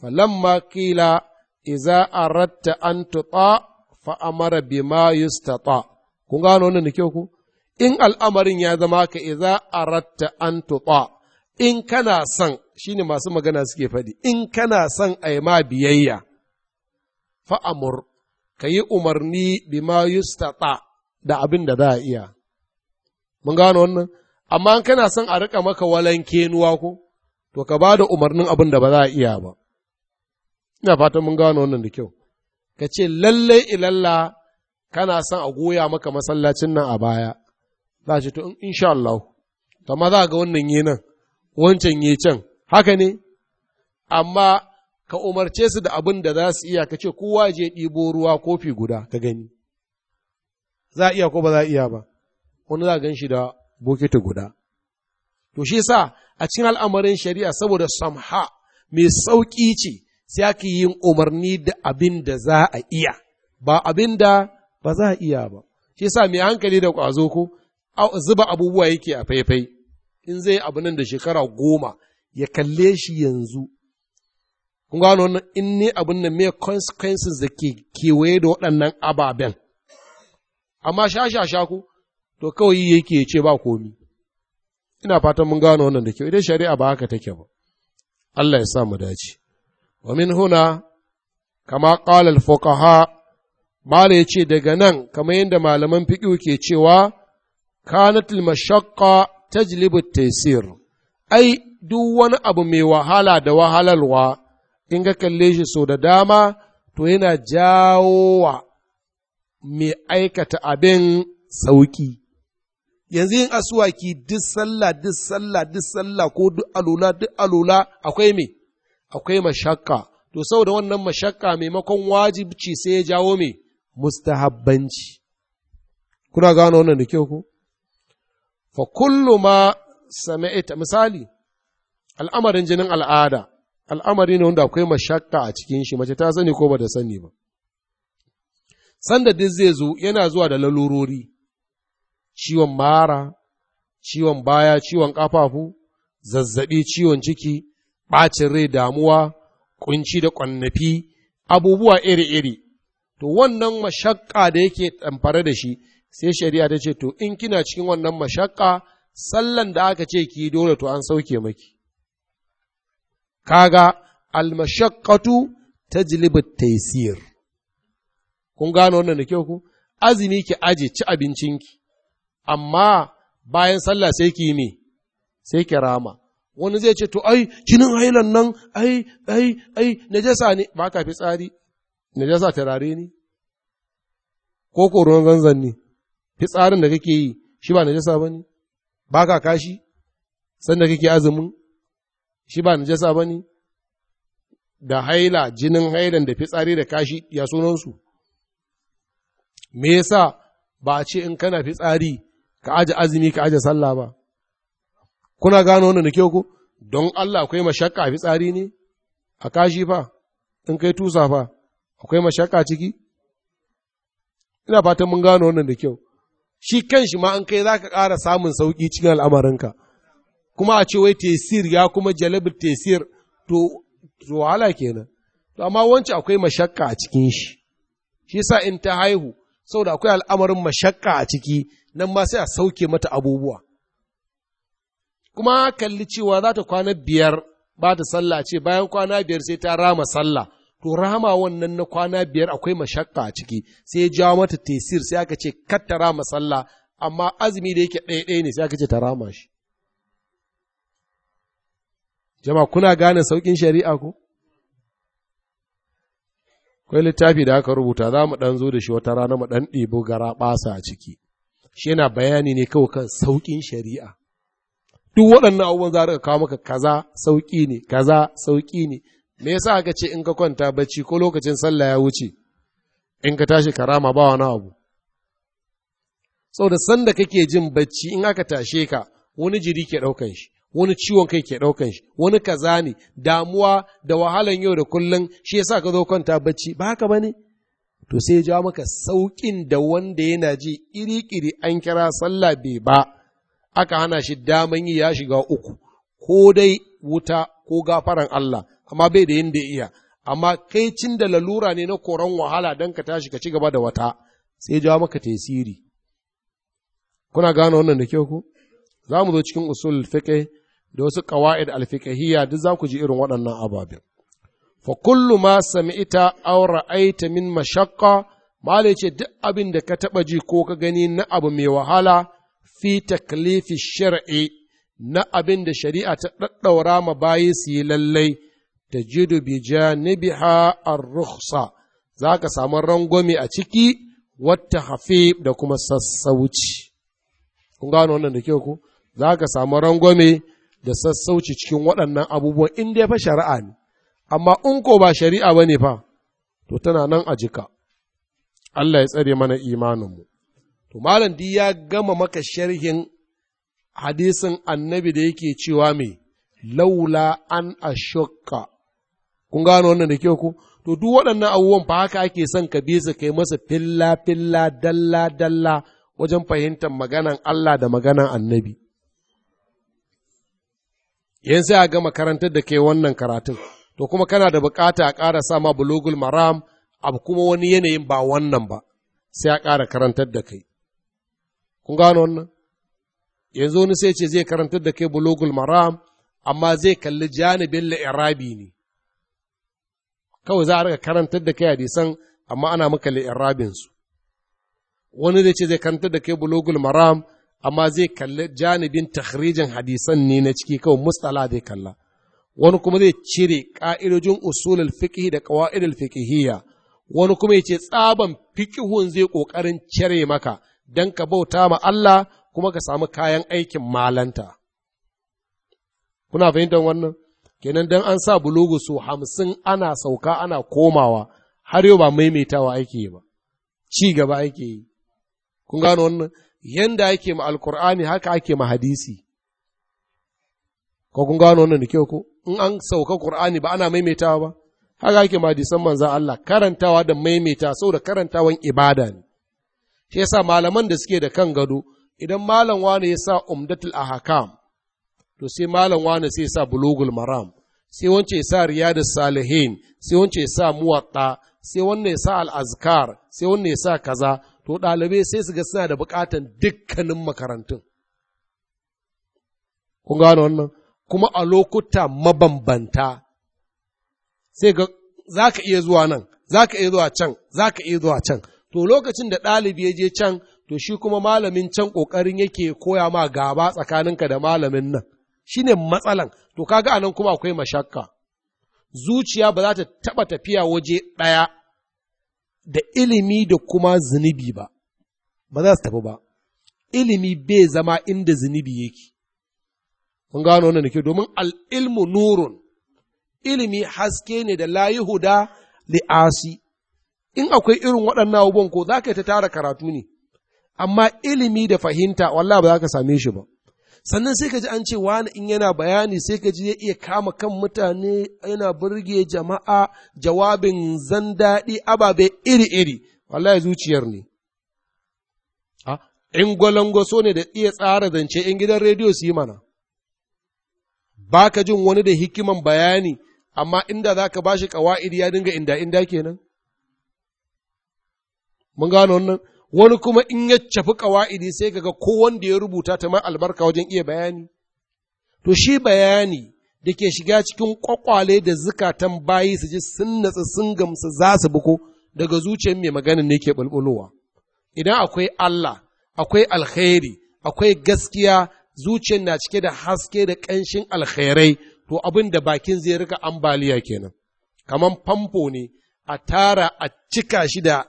Falamma kila, iza aratta an tuta fa'amara bima yustata. Kun gano wannan da kyau ku? in al'amarin ya zama ka iza ratta an tuɓa in kana son ne masu magana suke faɗi in kana son a yi ma biyayya fa'amur ka yi umarni bima yustata da abin da za a iya mun gano wannan amma in kana son a riƙa maka walan kenuwa ko to ka ba da umarnin abin da ba za a iya ba ina fatan mun gano wannan da kyau ka ce lallai ilalla kana son a goya maka masallacin nan a baya za ce to insha Allah ma za ga wannan yi nan wancan yi can haka ne amma ka umarce su da abin da za su iya ka ce kowa je ɗibo ruwa kofi guda ka gani za a iya ko ba za a iya ba wani za a gan shi da bokiti guda to shi sa a cikin al'amarin shari'a saboda samha mai sauƙi ce sai ake yin umarni da abin da za a iya ba abin da ba za a iya ba shi sa mai hankali da ƙwazo ko zuba abubuwa yake a faifai in zai abu nan da shekara goma ya kalle shi yanzu kun gano wannan in ne abin nan mai consequences da ke kewaye da waɗannan ababen amma sha sha sha ku to kawai yake ce ba komi ina fatan mun gano wannan da kyau idan shari'a ba haka take ba Allah ya sa mu dace wa min huna kama qala al fuqaha mala ce daga nan kamar yadda malaman fiqh ke cewa kanat mashaqqa tajlibu taysir ai duk wani abu mai wahala da wahalarwa in ga kalle shi so da dama to yana jawo wa mai aikata abin sauƙi. yanzu yin asuwaki duk sallah duk sallah duk sallah ko duk alula duk alula akwai me akwai mashakka to saboda wannan mashakka maimakon wajibci sai ya jawo me mustahabbanci kuna gano wannan da kyau ko fa kullu ma sami'ta misali al'amarin jinin al'ada al'amari ne wanda akwai mashakka a cikin shi mace ta sani ko ba da sani ba sanda duk zai zo yana zuwa da lalurori ciwon mara ciwon baya ciwon ƙafafu zazzaɓi ciwon ciki ɓacin rai damuwa kunci da ƙwannafi abubuwa iri-iri to wannan mashakka da yake tamfare da shi sai shari'a ta ce to in kina cikin wannan mashakka sallan da aka ce ki dole to an sauke maki kaga ta tajlibu taysir kun gano wannan da kyau ku azumi ki aje ci abincin ki amma bayan sallah sai ki yi me sai ki rama wani zai ce to ai jinin hailan nan ai ai ai najasa ne ba ka fi tsari najasa tarare ne ko ko ruwan zanzan ne fitsarin da kake yi shi ba najasa bane ba ka kashi sanda kake azumin shi ba najasa bane da haila jinin hailan da fitsari da kashi ya sunansu me yasa ba a ce in kana fitsari ka aje azumi ka aje sallah ba kuna gano wannan da kyau ko don Allah akwai mashakka a fitsari ne a kashi fa in kai tusa fa akwai mashakka ciki ina fatan mun gano wannan da kyau shi kan shi ma an kai za ka ƙara samun sauƙi cikin al'amarinka kuma a ce wai tesir ya kuma jalabi tesir to wahala kenan to amma wancan akwai mashakka a cikin shi shi sa in ta haihu saboda akwai al'amarin mashakka a ciki nan ma sai a sauke mata abubuwa kuma kalli cewa za ta kwana biyar ba ta sallah ce bayan kwana biyar sai ta rama sallah to rama wannan na kwana biyar akwai mashakka a ciki sai ya jawo mata tesir sai aka ce kar ta rama sallah amma azumi da yake ɗaya ɗaya ne sai aka ce ta rama shi jama kuna gane saukin shari'a ko akwai littafi da aka rubuta za mu ɗan zo da shi wata rana mu ɗan ɗebo gara ɓasa a ciki shi yana bayani ne kawai kan saukin shari'a duk waɗannan abubuwan za ka kawo maka kaza sauƙi ne kaza sauƙi ne me yasa aka ce in ka kwanta bacci ko lokacin sallah ya wuce in ka tashi karama ba wani abu sau da sanda kake jin bacci in aka tashe ka wani jiri ke ɗaukan shi wani ciwon kai ke ɗaukan shi wani kaza ne damuwa da wahalan yau da kullum shi yasa ka zo kwanta bacci ba haka bane to sai ya jawo maka sauƙin da wanda yana ji iri-iri an kira sallah bai ba aka hana shi daman yi ya shiga uku ko dai wuta ko gafaran Allah amma bai da yadda iya amma kai cin da lalura ne na koran wahala don ka tashi ka ci gaba da wata sai jawo maka tesiri kuna gane wannan da kyau ku za mu zo cikin usul fiƙe da wasu ƙawa'id alfiƙahiyya duk za ku ji irin waɗannan ababen fa kullu ma sami'ita aw ra'aita min mashaqqa malai ce duk abin da ka taɓa ji ko ka gani na abu mai wahala fi taklifi shar'i na abin da shari'a ta ɗaɗɗaura ma bayi su yi lallai tajidu bi janibiha ar-rukhsa zaka samu rangwame a ciki wata hafi da kuma sassauci kun gano wannan da kyau ku zaka samu rangwame da sassauci cikin waɗannan abubuwan in dai fa shari'a ne amma in ko ba shari'a bane fa to tana nan a jika Allah ya tsare mana imaninmu to malam di ya gama maka sharhin hadisin annabi da yake cewa mai laula an ashokka kun gano wannan da kyau ko to duk waɗannan abubuwan fa haka ake son ka bi su kai masa filla filla dalla dalla wajen fahimtar maganan Allah da maganan annabi yan sai a gama karantar da kai wannan karatun to kuma kana da bukata a ƙara sama bulugul maram abu kuma wani yanayin ba wannan ba sai a ƙara karantar da kai kun gano wannan yanzu wani sai ce zai karantar da kai bulugul maram amma zai kalli janibin la'irabi ne kawai za a riga karantar da kai hadisan amma ana maka li'irabin su wani zai ce zai karantar da kai bulogul maram amma zai kalli janibin tahrijin hadisan ne na ciki kawai mustala zai kalla wani kuma zai cire ka'idojin usulul fiqh da qawaidul fiqhiyya wani kuma yace tsaban fiqhun zai kokarin cire maka dan ka bauta ma Allah kuma ka samu kayan aikin malanta kuna fahimtar wannan kenan dan an sa bulogu so hamsin ana sauka ana komawa har yau ba maimaitawa ake yi ba ci gaba ake yi kun gano wannan yanda ake ma alkur'ani haka ake ma hadisi ko kun gano wannan da kyau ko in an sauka qur'ani ba ana maimaitawa ba haka ake ma hadisan manzan Allah karantawa da maimaita saboda karantawan ibada ne shi yasa malaman da suke da kan gado idan malam wani ya sa umdatul ahkam to sai malam wani sai sa bulugul maram sai wance ya sa riyadus salihin sai wance ya sa muwatta sai wanne ya sa al'azkar sai wanne ya sa kaza to ɗalibai sai su ga suna da buƙatan dukkanin makarantun kun gano wannan kuma a lokuta mabambanta sai ga za ka iya zuwa nan za ka iya zuwa can za ka iya zuwa can to lokacin da ɗalibi ya je can to shi kuma malamin can ƙoƙarin yake koya ma gaba tsakaninka da malamin nan shine matsalan to kaga anan kuma akwai mashakka zuciya ba za ta taba tafiya waje ɗaya da ilimi da kuma zunubi ba ba za su tafi ba ilimi bai zama inda zunubi yake mun gano wannan ke domin al'ilmu nurun ilimi haske ne da layi huda li'asi in akwai irin waɗannan abubuwan ko za ka ta tara karatu ne amma ilimi da fahimta wallah ba za ka same shi ba sannan sai ka ji an ce wani in yana bayani sai ka ji ya iya kama kan mutane yana burge jama'a jawabin zan daɗi ababe iri-iri wallahi zuciyar ne a ah, in gwalangwaso ne da iya tsara zance in gidan rediyo su yi mana ba ka jin wani da hikiman bayani amma inda za ka ba shi kawa'idi ya dinga inda inda kenan mun gano wannan wani kuma in ya cafi ƙawa'idi sai kaga ko wanda ya rubuta ta ma albarka wajen iya bayani to shi bayani da ke shiga cikin kwakwale da zukatan bayi su ji sun natsu sun gamsu za su buko daga zuciyar mai maganin ne ke bulbulowa idan akwai Allah akwai alkhairi akwai gaskiya zuciyar na cike da haske da ƙanshin alkhairai to abin da bakin zai rika ambaliya kenan Kamar famfo ne a tara a cika shi da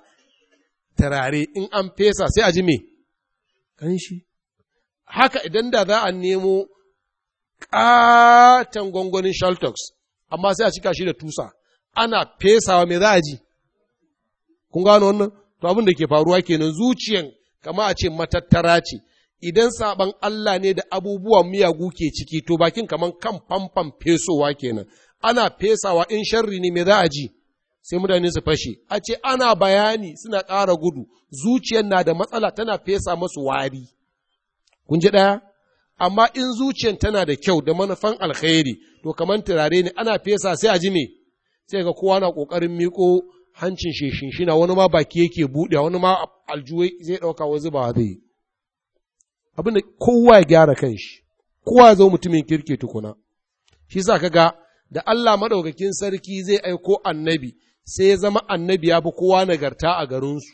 turare in an fesa sai a ji me ƙanshi haka idan da za a nemo ƙaton gwangwanin shaltox amma sai a cika shi da tusa ana fesawa me za a ji kun gano wannan to abin da ke faruwa kenan zuciyan kama a ce matattara ce idan saban Allah ne da abubuwan miyagu ke ciki to bakin kaman kan fanfan fesowa kenan ana fesawa in sharri ne me za a ji sai mutane su fashe a ce ana bayani suna ƙara gudu zuciyar na da matsala tana fesa masu wari kun ji ɗaya amma in zuciyar tana da kyau da manufan alkhairi to kamar turare ne ana fesa sai a ji ne sai ga kowa na ƙoƙarin miƙo hancin sheshinshina wani ma baki yake buɗe wani ma aljuwai zai ɗauka wa zuba zai yi abinda kowa ya gyara kanshi kowa ya zo mutumin kirki tukuna shi sa ka ga da Allah madaukakin sarki zai aiko annabi sai ya zama annabi ya fi kowa nagarta a garinsu.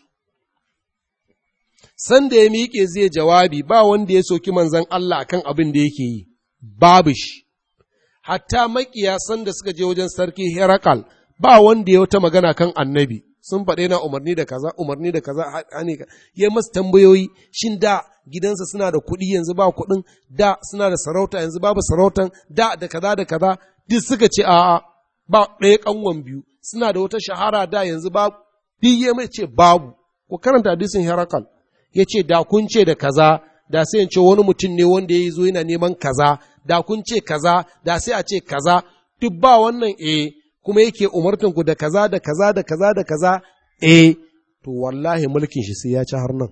Sanda ya miƙe zai jawabi ba wanda ya soki manzan Allah akan abin da yake yi, babu shi. Hatta maƙiya sanda suka je wajen sarki Herakal ba wanda ya wata magana kan annabi, sun faɗe na umarni da kaza, umarni da kaza, hane ka, ya masu tambayoyi, shin da gidansa suna da kuɗi yanzu ba kuɗin, da suna da sarauta yanzu babu sarautan, da da kaza da kaza, duk suka ce a'a ba ɗaya ƙanwan biyu suna da wata shahara da yanzu ba biye mai ce babu ku karanta hadisin herakal ya ce da kun ce da kaza da sai ce wani mutum ne wanda ya zo yana neman kaza da kun ce kaza da sai a ce kaza duk ba wannan eh kuma yake umartan ku da kaza da kaza da kaza da kaza eh to wallahi mulkin shi sai ya ci har nan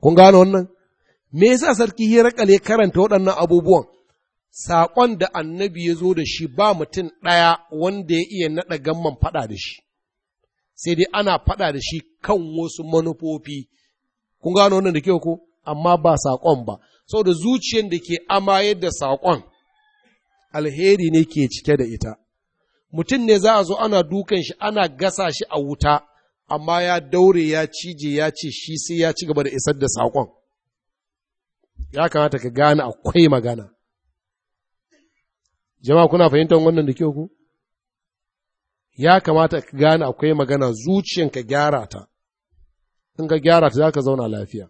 kun gane wannan me yasa sarki herakal ya karanta waɗannan abubuwan saƙon da annabi ya zo da shi ba mutum ɗaya wanda ya iya naɗa gamman faɗa da shi, sai dai ana faɗa da shi kan wasu manufofi, kun gano wannan da kyau ko, amma ba saƙon ba, saboda zuciyar da ke amayar da saƙon alheri ne ke cike da ita. Mutum ne za a zo ana dukan shi ana gasa shi a wuta, amma ya daure ya cije ya ce shi sai ya ci gaba da isar da saƙon. Ya kamata ka gane akwai magana. Jama'a kuna fahimtar wannan da kyau ku? Ya kamata ka gane akwai magana zuciyanka gyara ta, in ka gyara ta za ka zauna lafiya.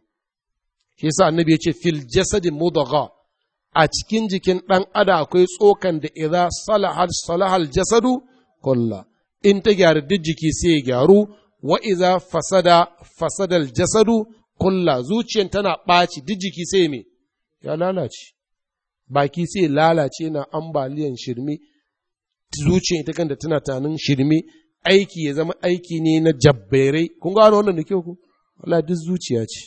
Shi yasa annabi ya ce fil jasadi mudagha a cikin jikin ɗan ada akwai tsokan da idza salahal salahal jasadu kulla in ta gyara duk jiki sai ya gyaru wa idza fasada fasadal jasadu kulla zuciyan tana ɓaci duk jiki sai me ya lalace baki sai lalace na ambaliyan shirme zuciya ita kanta tana tanin shirme aiki ya zama aiki ne na jabberai kun gano wannan da kyau ku Allah duk zuciya ce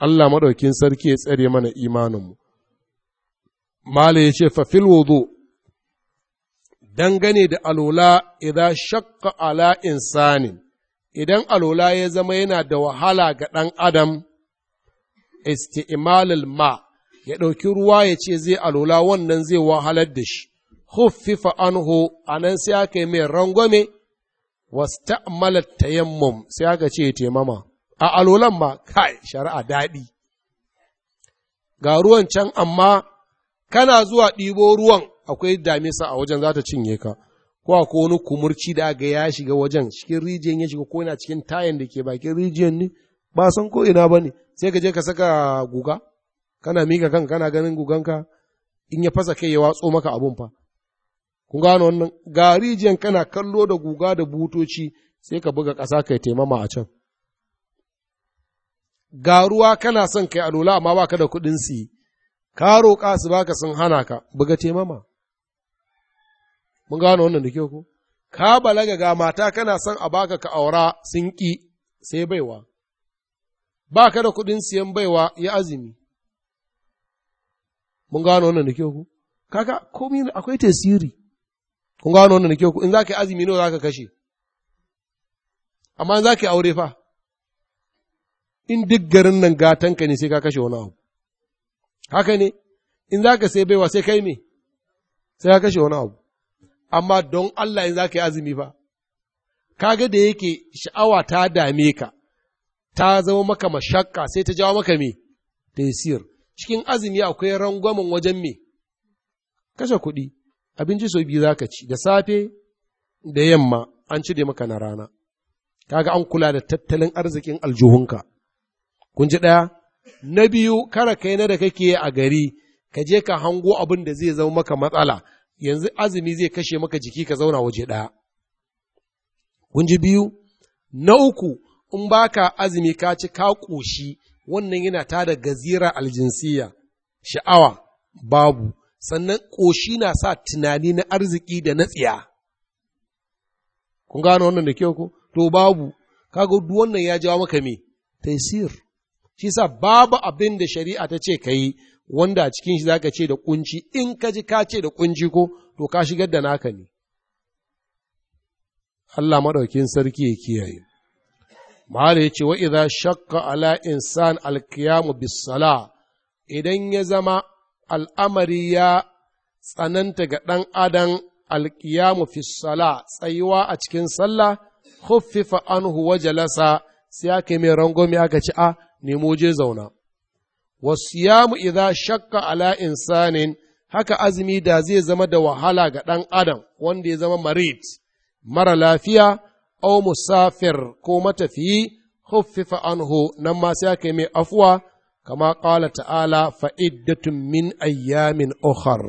Allah madaukin sarki ya tsare mana imaninmu mala ya ce fa fil wudu dangane da alola idan shakka ala insani idan alola ya zama yana da wahala ga ɗan adam, isti'malul ma ya ɗauki ruwa ya ce zai alola wannan zai wahalar da shi huffifa anhu a nan sai aka yi mai rangwame ta tayammum sai aka ce taimama a alolan ma kai shari'a daɗi ga ruwan can amma kana zuwa ɗibo ruwan akwai damisa a wajen za ta cinye ka ko ko wani kumurci da ga ya shiga wajen cikin rijiyar ya shiga ko yana cikin tayan da ke bakin rijiyar ne ba san ko ina ba ne sai ka je ka saka guga kana miƙa kan kana ganin guganka in ya fasa kai ya watso maka abun fa kun gano wannan ga kana kallo da guga da butoci sai ka buga ƙasa kai taimama a can garuwa kana son kai alola amma baka da kuɗin si ka roƙa su baka sun hana ka buga taimama mun gano wannan da kyau ko ka balaga ga mata kana son a baka ka aura sun ƙi sai baiwa baka da kuɗin siyan baiwa ya azumi Mun gano wannan da kyau ku? Kaka komai akwai tasiri. Kun gano wannan da kyau ku in za ka yi azumi nawa za ka kashe. Amma in za ka yi aure fa. In duk garin nan gatanka ne sai ka kashe wani abu. Haka ne, in za ka sai baiwa sai kai me? Sai ka kashe wani abu. Amma don Allah in za ka yi azumi fa. Kaga da yake sha'awa ta dame ka, ta zama maka mashakka sai ta jawo maka me? Tasir. cikin azumi akwai rangwamen wajen me kashe kuɗi abinci sau biyu zaka ci da safe da yamma an ci cire maka na rana kaga an kula da tattalin arzikin aljuhunka kun ji ɗaya na biyu kara kai na da kake a gari ka je ka hango abin da zai zama maka matsala yanzu azumi zai kashe maka jiki ka zauna waje ɗaya kun ji biyu na uku in baka azumi ka ci ka ƙoshi wannan yana tada gazira aljinsiya sha'awa babu sannan ƙoshi na sa tunani na arziki da na tsiya kun gano wannan da kyau ko to babu kaga duk wannan ya jawo maka me taisir shi sa babu abin da shari'a ta ce kai wanda a cikin shi zaka ce da kunci in ka ji ka ce da ƙunci ko to ka shigar da naka ne Allah maɗaukin sarki ya kiyaye mahala ya ce, wa'iza shakka ala insan alkiyamu bisala, idan ya zama al'amari ya tsananta ga ɗan adam alkiyamu fisala tsayuwa a cikin sallah, huffifa anhu huwa jalasa sai aka yi mai rangwame aka ci a ah, nemo je zauna. Wasu yamu iza shakka ala insanin haka azumi da zai zama da wahala ga ɗan adam wanda ya zama marit mara lafiya au musafir ko matafiyi huffifa anhu nan ma sai aka yi mai afuwa kama ƙala ta'ala fa'iddatun min ayyamin ukhar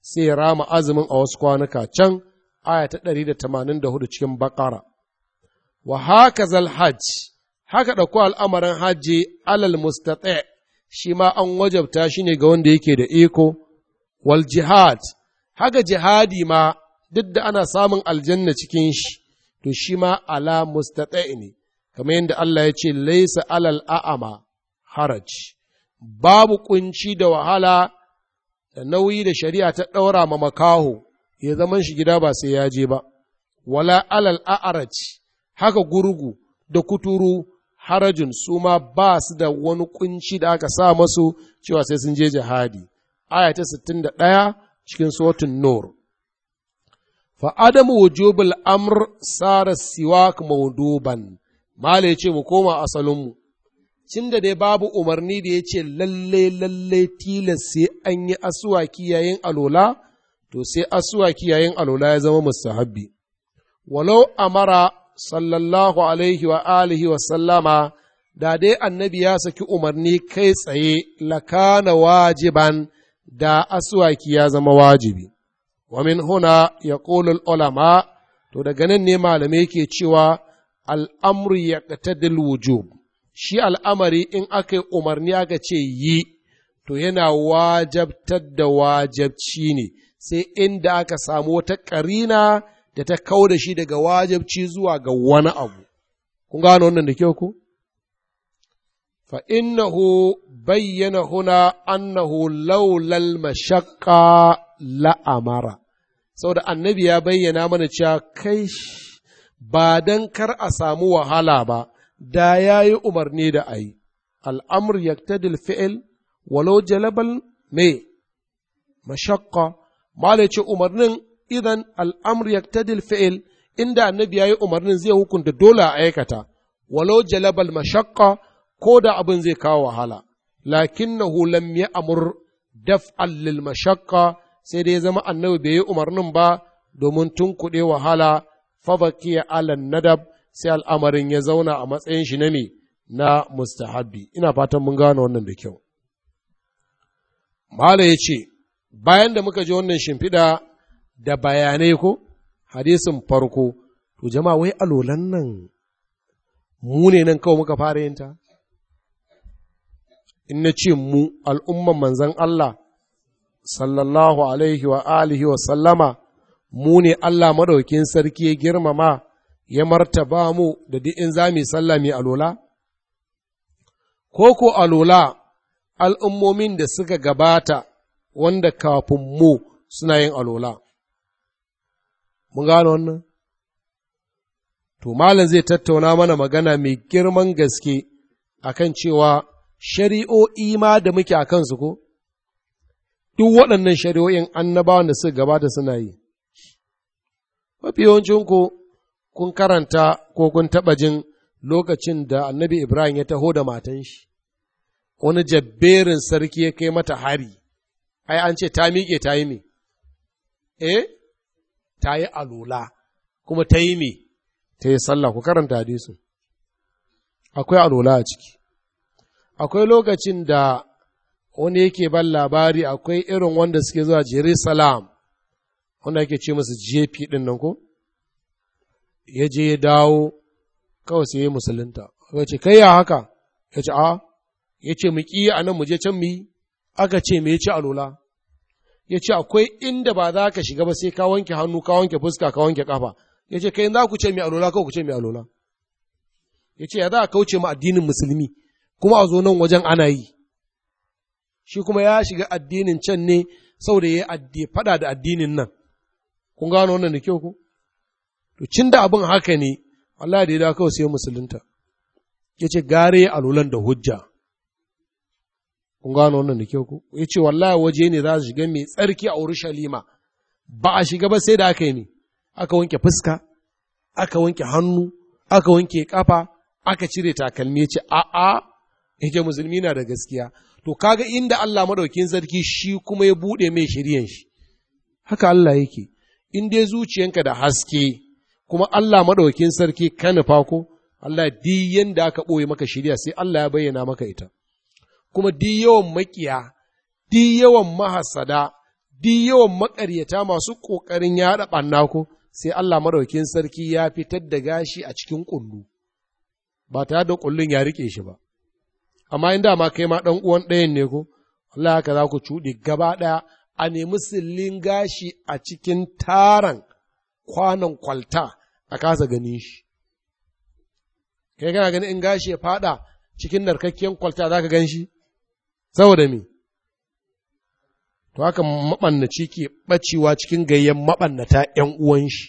sai rama azumin a wasu kwanuka can aya ta ɗari da tamanin da hudu cikin baƙara. Wa haka zal hajj, haka ɗauko al'amarin hajji alal mustatse shi ma an wajabta shi ne ga wanda yake da iko, wal jihad, haka jihadi ma duk da ana samun aljanna cikin shi, to shi ma ala mustaɗa'i ne, kamar yadda Allah ya ce, laisa alal a'ama haraj, babu kunci da wahala da nauyi da shari'a ta ɗaura ma makaho, ya zaman shi gida ba sai ya je ba, wala alal a'araj, haka gurgu da kuturu harajin su ma ba su da wani kunci da aka sa masu cewa sai sun je jihadi. Aya ta ɗaya cikin sotun Nur. fa adamu wujubul amr sara siwak mauduban mala yace ce mu koma asalinmu cin da dai babu umarni da ya ce lalle lalle tilas sai an yi asuwaki yayin alola to sai asuwaki yayin alola ya zama mustahabbi walau amara sallallahu alaihi wa alihi wa sallama da dai annabi ya saki umarni kai tsaye lakana wajiban da aswaki ya zama wajibi wa min huna ya al-ulama to daga nan ne malamai ke cewa al'amru yaqtadil wujub shi al'amari in aka yi umarni aka ce yi to yana wajabtar da wajabci ne sai inda aka samu wata ƙarina da ta kau da shi daga wajabci zuwa ga wani abu. Kun gano wannan da kyau ku? Fa innahu bayyana huna annahu laulal mashakka la'amara, saboda annabi ya bayyana mana cewa kai ba don kar a samu wahala ba, da ya yi umarni da a yi, al'amur yaktadil fi'il, walau jalabal me, mashakka, ce umarnin idan al'amur yaktadil fi'il, inda annabi ya yi umarnin zai hukunta dole a aikata, walau jalabal mashakka ko da abin zai kawo wahala, lakin na hulam ya amur daf'al lil mashakka sai dai zama annabi bai yi umarnin ba domin tun kuɗe wahala fabakiya alan nadab sai al'amarin ya zauna a matsayin shi na na mustahabbi ina fatan mun gane wannan da kyau mala ya ce bayan da muka ji wannan shimfiɗa da bayanai ko hadisin farko to jama'a wai alolan nan mu ne nan kawai muka fara yinta in na ce mu al'umman manzan Allah sallallahu alaihi wa alihi wa sallama mu ne Allah madaukin sarki ya girmama ya martaba mu da duk in za mu sallah alola? Ko ko alola al'ummomin da suka gabata wanda kafin mu suna yin alola. Mun gano wannan? To, Malam zai tattauna mana magana mai girman gaske akan cewa shari'o'i ma da muke a kansu ko? duk waɗannan shari'o'in annabawan da suka gabata suna yi. Mafi yawancinku kun karanta ko kun taɓa jin lokacin da annabi Ibrahim ya taho da matan shi, wani jabberin sarki ya kai mata hari, ai an ce ta miƙe ta yi me? Eh, ta yi alula, kuma ta yi me? Ta yi sallah, ku karanta hadisu. Akwai alula a ciki. Akwai lokacin da wanda yake ban labari akwai irin wanda suke zuwa Jerusalem wanda yake ce musu jefi ɗin nan ko ya je ya dawo kawai sai ya musulunta ya ce kai ya haka ya ce a ya ce mu ƙi a nan mu je can mu yi aka ce me ya ce alola ya ce akwai inda ba za ka shiga ba sai ka wanke hannu ka wanke fuska ka wanke kafa ya ce kai za ku ce mai alola kawai ku ce mai alola ya ce ya za a kauce ma addinin musulmi kuma a zo nan wajen ana yi shi kuma ya shiga addinin can ne saboda ya yi faɗa da addinin nan kun gano wannan da kyau ku to cin da abin haka ne Allah da ya da kawai sai musulunta ya ce gare alulan da hujja kun gano wannan da kyau ku ya ce wallahi waje ne za su shiga mai tsarki a urushalima ba a shiga ba sai da aka yi ne aka wanke fuska aka wanke hannu aka wanke kafa aka cire takalmi ya ce a'a yake musulmi na da gaskiya to kaga inda Allah madaukin sarki shi kuma ya buɗe mai shiryan shi haka Allah yake in dai zuciyanka da haske kuma Allah madaukin sarki ka nufa ko Allah duk yanda aka ɓoye maka shirya sai Allah ya bayyana maka ita kuma duk yawan makiya duk yawan mahasada duk yawan maƙaryata masu ƙoƙarin yaɗa ɓanna ko sai Allah madaukin sarki ya fitar da gashi a cikin kullu ba tare da kullun ya rike shi ba amma in dama kai ma ɗan uwan ɗayan ne ko Allah haka za ku cuɗe gaba ɗaya a nemi sillin gashi a cikin taran kwanan kwalta a kasa gani shi kai kana ganin in gashi ya fada cikin narkakkiyar kwalta za ka gan shi saboda me to haka maɓannaci ke ɓacewa cikin gayyan mabannata ‘yan uwan shi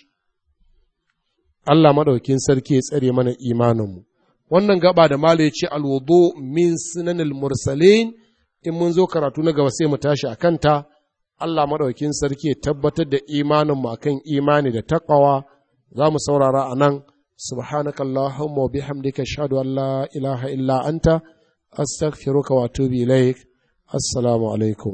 Allah maɗaukin sarki ya tsare mana imaninmu. wannan gaba da mala ya ce alwudu min sunanil mursalin in mun zo karatu na gaba sai mu tashi a kanta Allah maɗaukin sarki ya tabbatar da imanin mu akan imani da taƙawa za mu saurara a nan سبحانك اللهم وبحمدك اشهد ان لا illa anta انت السلام عليكم